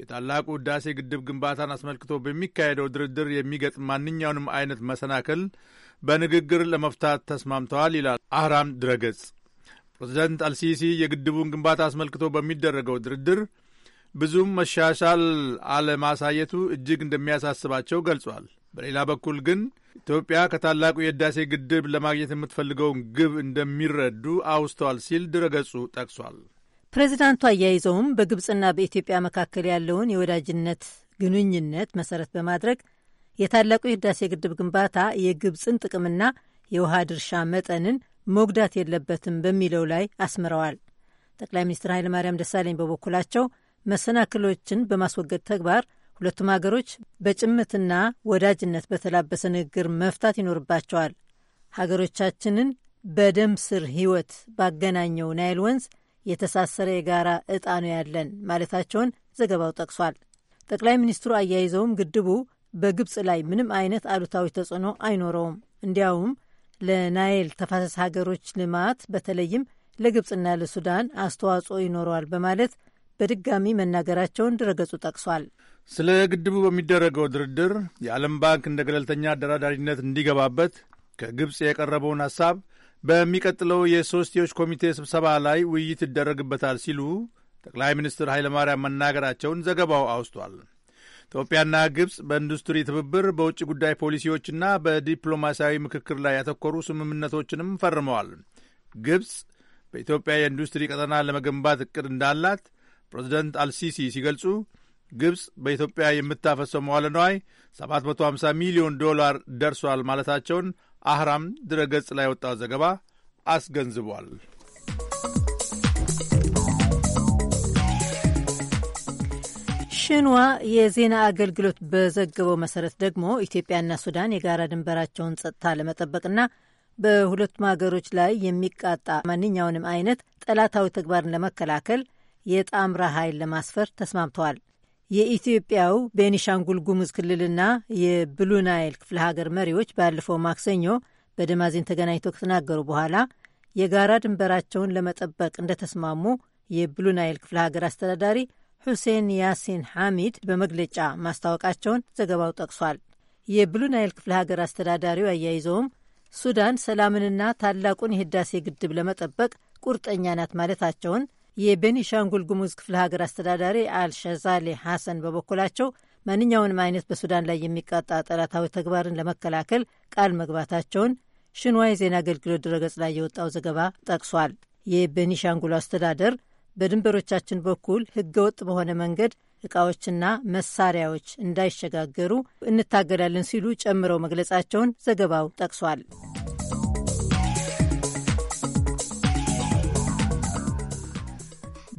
የታላቁ ህዳሴ ግድብ ግንባታን አስመልክቶ በሚካሄደው ድርድር የሚገጥም ማንኛውንም አይነት መሰናክል በንግግር ለመፍታት ተስማምተዋል ይላል አህራም ድረገጽ። ፕሬዚዳንት አልሲሲ የግድቡን ግንባታ አስመልክቶ በሚደረገው ድርድር ብዙም መሻሻል አለማሳየቱ እጅግ እንደሚያሳስባቸው ገልጿል። በሌላ በኩል ግን ኢትዮጵያ ከታላቁ የህዳሴ ግድብ ለማግኘት የምትፈልገውን ግብ እንደሚረዱ አውስተዋል ሲል ድረገጹ ጠቅሷል። ፕሬዚዳንቱ አያይዘውም በግብፅና በኢትዮጵያ መካከል ያለውን የወዳጅነት ግንኙነት መሰረት በማድረግ የታላቁ የህዳሴ ግድብ ግንባታ የግብፅን ጥቅምና የውሃ ድርሻ መጠንን መጉዳት የለበትም በሚለው ላይ አስምረዋል። ጠቅላይ ሚኒስትር ኃይለማርያም ደሳለኝ በበኩላቸው መሰናክሎችን በማስወገድ ተግባር ሁለቱም ሀገሮች በጭምትና ወዳጅነት በተላበሰ ንግግር መፍታት ይኖርባቸዋል። ሀገሮቻችንን በደም ስር ህይወት ባገናኘው ናይል ወንዝ የተሳሰረ የጋራ እጣ ነው ያለን ማለታቸውን ዘገባው ጠቅሷል። ጠቅላይ ሚኒስትሩ አያይዘውም ግድቡ በግብፅ ላይ ምንም አይነት አሉታዊ ተጽዕኖ አይኖረውም፣ እንዲያውም ለናይል ተፋሰስ ሀገሮች ልማት በተለይም ለግብፅና ለሱዳን አስተዋጽኦ ይኖረዋል በማለት በድጋሚ መናገራቸውን ድረገጹ ጠቅሷል። ስለ ግድቡ በሚደረገው ድርድር የዓለም ባንክ እንደ ገለልተኛ አደራዳሪነት እንዲገባበት ከግብፅ የቀረበውን ሐሳብ በሚቀጥለው የሶስትዮሽ ኮሚቴ ስብሰባ ላይ ውይይት ይደረግበታል ሲሉ ጠቅላይ ሚኒስትር ኃይለማርያም መናገራቸውን ዘገባው አውስቷል። ኢትዮጵያና ግብጽ በኢንዱስትሪ ትብብር በውጭ ጉዳይ ፖሊሲዎችና በዲፕሎማሲያዊ ምክክር ላይ ያተኮሩ ስምምነቶችንም ፈርመዋል። ግብጽ በኢትዮጵያ የኢንዱስትሪ ቀጠና ለመገንባት እቅድ እንዳላት ፕሬዚደንት አልሲሲ ሲገልጹ ግብጽ በኢትዮጵያ የምታፈሰው መዋለ ንዋይ 750 ሚሊዮን ዶላር ደርሷል ማለታቸውን አህራም ድረገጽ ላይ ወጣው ዘገባ አስገንዝቧል። ሺንዋ የዜና አገልግሎት በዘገበው መሰረት ደግሞ ኢትዮጵያና ሱዳን የጋራ ድንበራቸውን ጸጥታ ለመጠበቅና በሁለቱም ሀገሮች ላይ የሚቃጣ ማንኛውንም አይነት ጠላታዊ ተግባርን ለመከላከል የጣምራ ኃይል ለማስፈር ተስማምተዋል። የኢትዮጵያው ቤኒሻንጉል ጉሙዝ ክልልና የብሉ ናይል ክፍለ ሀገር መሪዎች ባለፈው ማክሰኞ በደማዜን ተገናኝተው ከተናገሩ በኋላ የጋራ ድንበራቸውን ለመጠበቅ እንደተስማሙ የብሉ ናይል ክፍለ ሀገር አስተዳዳሪ ሁሴን ያሲን ሐሚድ በመግለጫ ማስታወቃቸውን ዘገባው ጠቅሷል። የብሉ ናይል ክፍለ ሀገር አስተዳዳሪው አያይዘውም ሱዳን ሰላምንና ታላቁን የህዳሴ ግድብ ለመጠበቅ ቁርጠኛ ናት ማለታቸውን የቤኒሻንጉል ጉሙዝ ክፍለ ሀገር አስተዳዳሪ አልሸዛሌ ሐሰን በበኩላቸው ማንኛውንም አይነት በሱዳን ላይ የሚቃጣ ጠላታዊ ተግባርን ለመከላከል ቃል መግባታቸውን ሽንዋ የዜና አገልግሎት ድረገጽ ላይ የወጣው ዘገባ ጠቅሷል። የቤኒሻንጉል አስተዳደር በድንበሮቻችን በኩል ህገወጥ በሆነ መንገድ እቃዎችና መሳሪያዎች እንዳይሸጋገሩ እንታገዳለን ሲሉ ጨምረው መግለጻቸውን ዘገባው ጠቅሷል።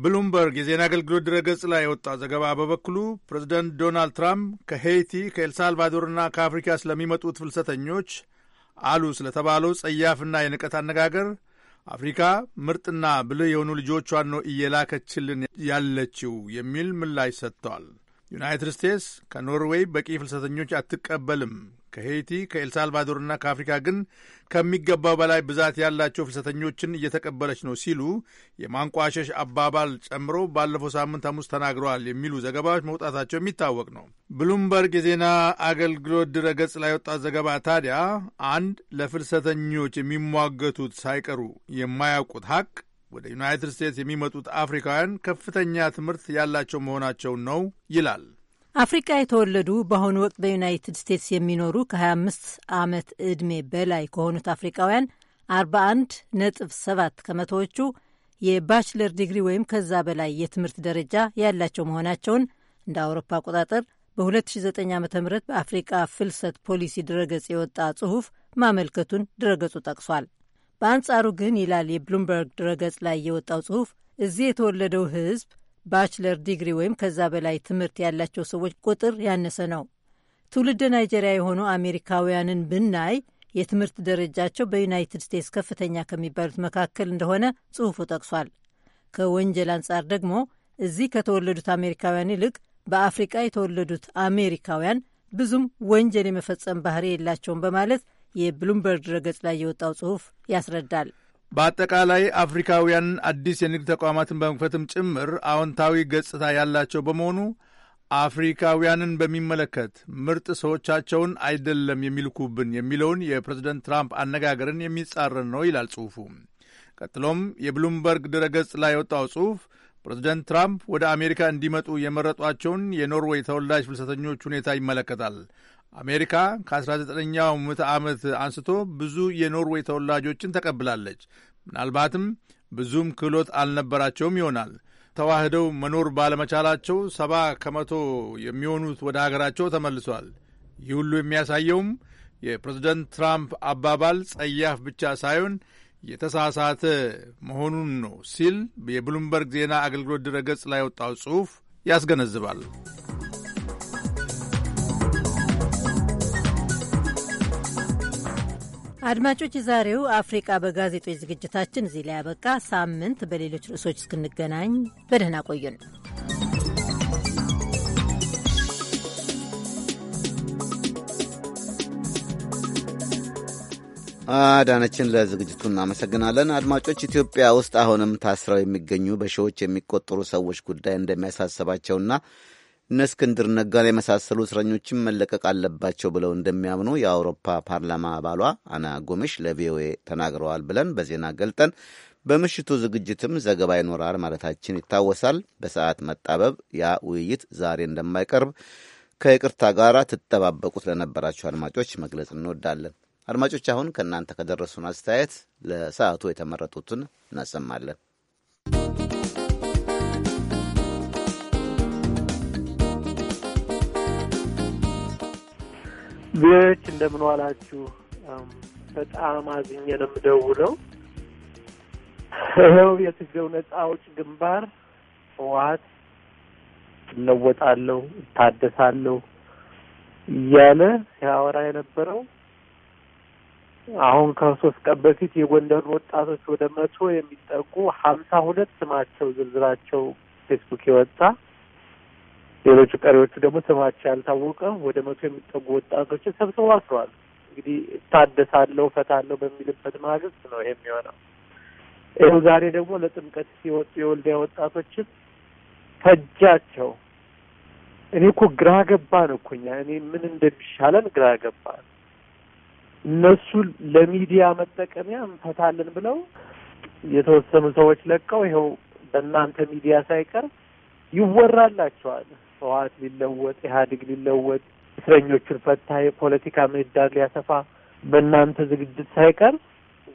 ብሉምበርግ የዜና አገልግሎት ድረገጽ ላይ የወጣ ዘገባ በበኩሉ ፕሬዚደንት ዶናልድ ትራምፕ ከሄይቲ ከኤልሳልቫዶርና ከአፍሪካ ስለሚመጡት ፍልሰተኞች አሉ ስለተባለው ጸያፍና የንቀት አነጋገር አፍሪካ ምርጥና ብልህ የሆኑ ልጆቿን ነው እየላከችልን ያለችው የሚል ምላሽ ሰጥቷል። ዩናይትድ ስቴትስ ከኖርዌይ በቂ ፍልሰተኞች አትቀበልም ከሄይቲ ከኤልሳልቫዶርና ከአፍሪካ ግን ከሚገባው በላይ ብዛት ያላቸው ፍልሰተኞችን እየተቀበለች ነው ሲሉ የማንቋሸሽ አባባል ጨምሮ ባለፈው ሳምንት ሐሙስ ተናግረዋል የሚሉ ዘገባዎች መውጣታቸው የሚታወቅ ነው። ብሉምበርግ የዜና አገልግሎት ድረገጽ ላይ ወጣት ዘገባ ታዲያ አንድ ለፍልሰተኞች የሚሟገቱት ሳይቀሩ የማያውቁት ሀቅ ወደ ዩናይትድ ስቴትስ የሚመጡት አፍሪካውያን ከፍተኛ ትምህርት ያላቸው መሆናቸውን ነው ይላል። አፍሪቃ የተወለዱ በአሁኑ ወቅት በዩናይትድ ስቴትስ የሚኖሩ ከ25 ዓመት ዕድሜ በላይ ከሆኑት አፍሪቃውያን 41 ነጥብ 7 ከመቶዎቹ የባችለር ዲግሪ ወይም ከዛ በላይ የትምህርት ደረጃ ያላቸው መሆናቸውን እንደ አውሮፓ አቆጣጠር በ2009 ዓ ም በአፍሪቃ ፍልሰት ፖሊሲ ድረገጽ የወጣ ጽሑፍ ማመልከቱን ድረገጹ ጠቅሷል። በአንጻሩ ግን ይላል የብሉምበርግ ድረገጽ ላይ የወጣው ጽሑፍ እዚህ የተወለደው ህዝብ። ባችለር ዲግሪ ወይም ከዛ በላይ ትምህርት ያላቸው ሰዎች ቁጥር ያነሰ ነው። ትውልደ ናይጄሪያ የሆኑ አሜሪካውያንን ብናይ የትምህርት ደረጃቸው በዩናይትድ ስቴትስ ከፍተኛ ከሚባሉት መካከል እንደሆነ ጽሑፉ ጠቅሷል። ከወንጀል አንጻር ደግሞ እዚህ ከተወለዱት አሜሪካውያን ይልቅ በአፍሪቃ የተወለዱት አሜሪካውያን ብዙም ወንጀል የመፈጸም ባህሪ የላቸውም በማለት የብሉምበርግ ድረገጽ ላይ የወጣው ጽሑፍ ያስረዳል። በአጠቃላይ አፍሪካውያን አዲስ የንግድ ተቋማትን በመክፈትም ጭምር አዎንታዊ ገጽታ ያላቸው በመሆኑ አፍሪካውያንን በሚመለከት ምርጥ ሰዎቻቸውን አይደለም የሚልኩብን የሚለውን የፕሬዝደንት ትራምፕ አነጋገርን የሚጻረን ነው ይላል ጽሑፉ። ቀጥሎም የብሉምበርግ ድረገጽ ላይ የወጣው ጽሑፍ ፕሬዝደንት ትራምፕ ወደ አሜሪካ እንዲመጡ የመረጧቸውን የኖርዌይ ተወላጅ ፍልሰተኞች ሁኔታ ይመለከታል። አሜሪካ ከ19ኛው ምዕተ ዓመት አንስቶ ብዙ የኖርዌይ ተወላጆችን ተቀብላለች። ምናልባትም ብዙም ክህሎት አልነበራቸውም ይሆናል። ተዋህደው መኖር ባለመቻላቸው ሰባ ከመቶ የሚሆኑት ወደ አገራቸው ተመልሷል። ይህ ሁሉ የሚያሳየውም የፕሬዝደንት ትራምፕ አባባል ጸያፍ ብቻ ሳይሆን የተሳሳተ መሆኑን ነው ሲል የብሉምበርግ ዜና አገልግሎት ድረገጽ ላይ ወጣው ጽሑፍ ያስገነዝባል። አድማጮች፣ የዛሬው አፍሪቃ በጋዜጦች ዝግጅታችን እዚህ ላይ ያበቃ። ሳምንት በሌሎች ርዕሶች እስክንገናኝ በደህና ቆዩን። አዳነችን ለዝግጅቱ እናመሰግናለን። አድማጮች ኢትዮጵያ ውስጥ አሁንም ታስረው የሚገኙ በሺዎች የሚቆጠሩ ሰዎች ጉዳይ እንደሚያሳስባቸውና እነ እስክንድር ነጋን የመሳሰሉ እስረኞችም መለቀቅ አለባቸው ብለው እንደሚያምኑ የአውሮፓ ፓርላማ አባሏ አና ጎሜሽ ለቪኦኤ ተናግረዋል ብለን በዜና ገልጠን በምሽቱ ዝግጅትም ዘገባ ይኖራል ማለታችን ይታወሳል። በሰዓት መጣበብ ያ ውይይት ዛሬ እንደማይቀርብ ከይቅርታ ጋር ትጠባበቁት ለነበራቸው አድማጮች መግለጽ እንወዳለን። አድማጮች አሁን ከእናንተ ከደረሱን አስተያየት ለሰዓቱ የተመረጡትን እናሰማለን። ቪዎች እንደምን ዋላችሁ? በጣም አዝኜ ነው የምደውለው። ይኸው የትግሬው ነጻ አውጭ ግንባር ህወሓት እለወጣለሁ፣ እታደሳለሁ እያለ ሲያወራ የነበረው አሁን ከሶስት ቀን በፊት የጎንደሩ ወጣቶች ወደ መቶ የሚጠጉ ሀምሳ ሁለት ስማቸው ዝርዝራቸው ፌስቡክ የወጣ ሌሎቹ ቀሪዎቹ ደግሞ ስማቸው ያልታወቀ ወደ መቶ የሚጠጉ ወጣቶችን ሰብስበው አስረዋል። እንግዲህ እታደሳለሁ ፈታለሁ በሚልበት ማግስት ነው ይሄ የሚሆነው። ይኸው ዛሬ ደግሞ ለጥምቀት ሲወጡ የወልዲያ ወጣቶችን ፈጃቸው። እኔ እኮ ግራ ገባን እኮ እኛ እኔ ምን እንደሚሻለን ግራ ገባን። እነሱ ለሚዲያ መጠቀሚያ እንፈታለን ብለው የተወሰኑ ሰዎች ለቀው ይኸው በእናንተ ሚዲያ ሳይቀር ይወራላቸዋል። ህዋት ሊለወጥ ኢህአዴግ ሊለወጥ እስረኞቹን ፈታ የፖለቲካ ምህዳር ሊያሰፋ በእናንተ ዝግጅት ሳይቀር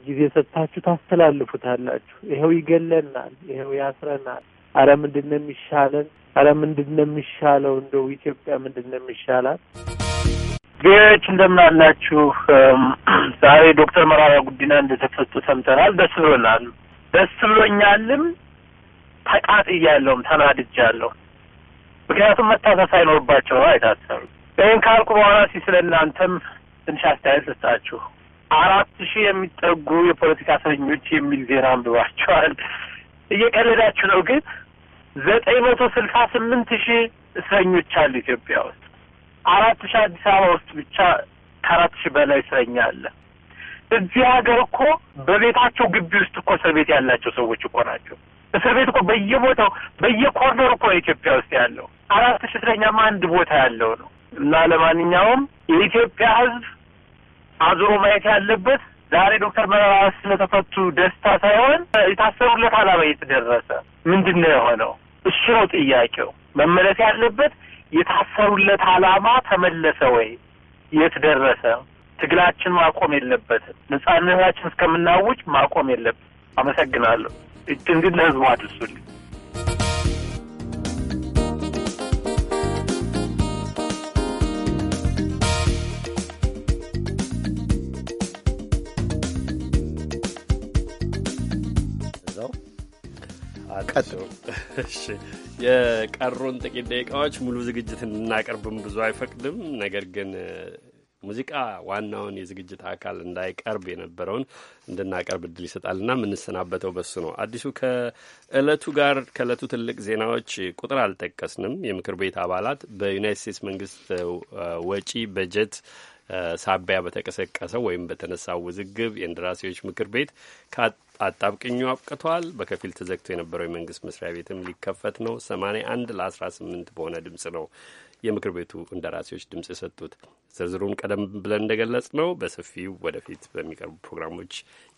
ጊዜ ሰጥታችሁ ታስተላልፉታላችሁ። ይኸው ይገለናል፣ ይኸው ያስረናል። አረ ምንድን ነው የሚሻለን? አረ ምንድን ነው የሚሻለው? እንደው ኢትዮጵያ ምንድን ነው የሚሻላት? ቪዎች እንደምን አላችሁ? ዛሬ ዶክተር መራራ ጉዲና እንደተፈቱ ሰምተናል። ደስ ብሎናል፣ ደስ ብሎኛልም። ተቃጥያለሁም፣ ተናድጃለሁ። ምክንያቱም መታሰስ አይኖርባቸው አይታሰሩ። ይህን ካልኩ በኋላ ሲ ስለ እናንተም ትንሽ አስተያየት ልስጣችሁ። አራት ሺህ የሚጠጉ የፖለቲካ እስረኞች የሚል ዜና አንብባቸዋል። እየቀለዳችሁ ነው ግን ዘጠኝ መቶ ስልሳ ስምንት ሺህ እስረኞች አሉ ኢትዮጵያ ውስጥ። አራት ሺህ አዲስ አበባ ውስጥ ብቻ ከአራት ሺህ በላይ እስረኛ አለ። እዚህ ሀገር እኮ በቤታቸው ግቢ ውስጥ እኮ እስር ቤት ያላቸው ሰዎች እኮ ናቸው። እስር ቤት እኮ በየቦታው በየኮርነር እኮ ኢትዮጵያ ውስጥ ያለው አራት ሺህ እስረኛማ አንድ ቦታ ያለው ነው። እና ለማንኛውም የኢትዮጵያ ሕዝብ አዙሮ ማየት ያለበት ዛሬ ዶክተር መረራ ስለተፈቱ ደስታ ሳይሆን የታሰሩለት አላማ የተደረሰ ምንድን ነው የሆነው? እሱ ነው ጥያቄው። መመለስ ያለበት የታሰሩለት አላማ ተመለሰ ወይ? የት ደረሰ? ትግላችን ማቆም የለበትም። ነጻነታችን እስከምናውጭ ማቆም የለብን። አመሰግናለሁ። እችን ግን ለህዝቡ አድርሱልኝ። የቀሩን ጥቂት ደቂቃዎች ሙሉ ዝግጅት እናቀርብም ብዙ አይፈቅድም። ነገር ግን ሙዚቃ ዋናውን የዝግጅት አካል እንዳይቀርብ የነበረውን እንድናቀርብ እድል ይሰጣልና የምንሰናበተው በሱ ነው። አዲሱ ከእለቱ ጋር ከእለቱ ትልቅ ዜናዎች ቁጥር አልጠቀስንም። የምክር ቤት አባላት በዩናይት ስቴትስ መንግስት ወጪ በጀት ሳቢያ በተቀሰቀሰው ወይም በተነሳው ውዝግብ የእንደራሴዎች ምክር ቤት አጣብቅኙ አብቅቷል። በከፊል ተዘግቶ የነበረው የመንግስት መስሪያ ቤትም ሊከፈት ነው። አንድ ለ18 በሆነ ድምጽ ነው የምክር ቤቱ እንደራሴዎች ድምፅ የሰጡት። ዝርዝሩን ቀደም ብለን እንደገለጽ ነው በሰፊው ወደፊት በሚቀርቡ ፕሮግራሞች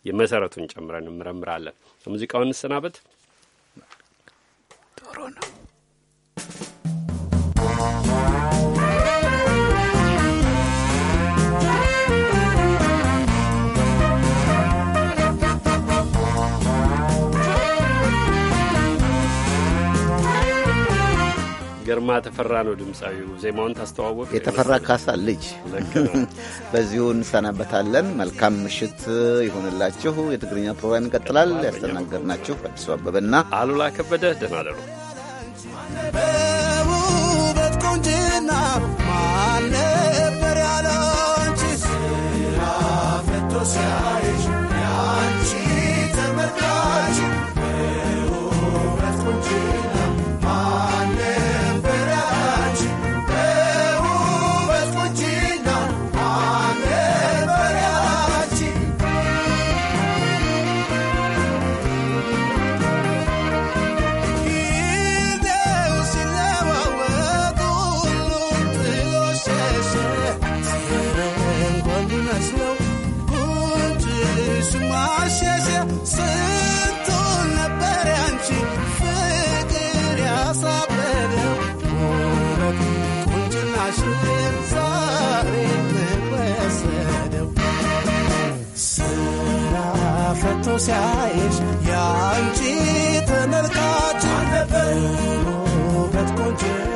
የመሰረቱን ጨምረን እንመረምራለን። ሙዚቃውን እንሰናበት። ጥሩ ነው። ግርማ ተፈራ ነው ድምፃዊው። ዜማውን ታስተዋወቅ የተፈራ ካሳ ልጅ። <laughs> በዚሁ እንሰናበታለን። መልካም ምሽት ይሆንላችሁ። የትግርኛ ፕሮግራም ይቀጥላል። ያስተናገድናችሁ አዲሱ አበበና አሉላ ከበደ ደናደሩ ቆንጅና ማን ነበር አንቺ ሰው ሲያይሽ የአንቺ ተመልካች አልነበር ውበት ቆንጆ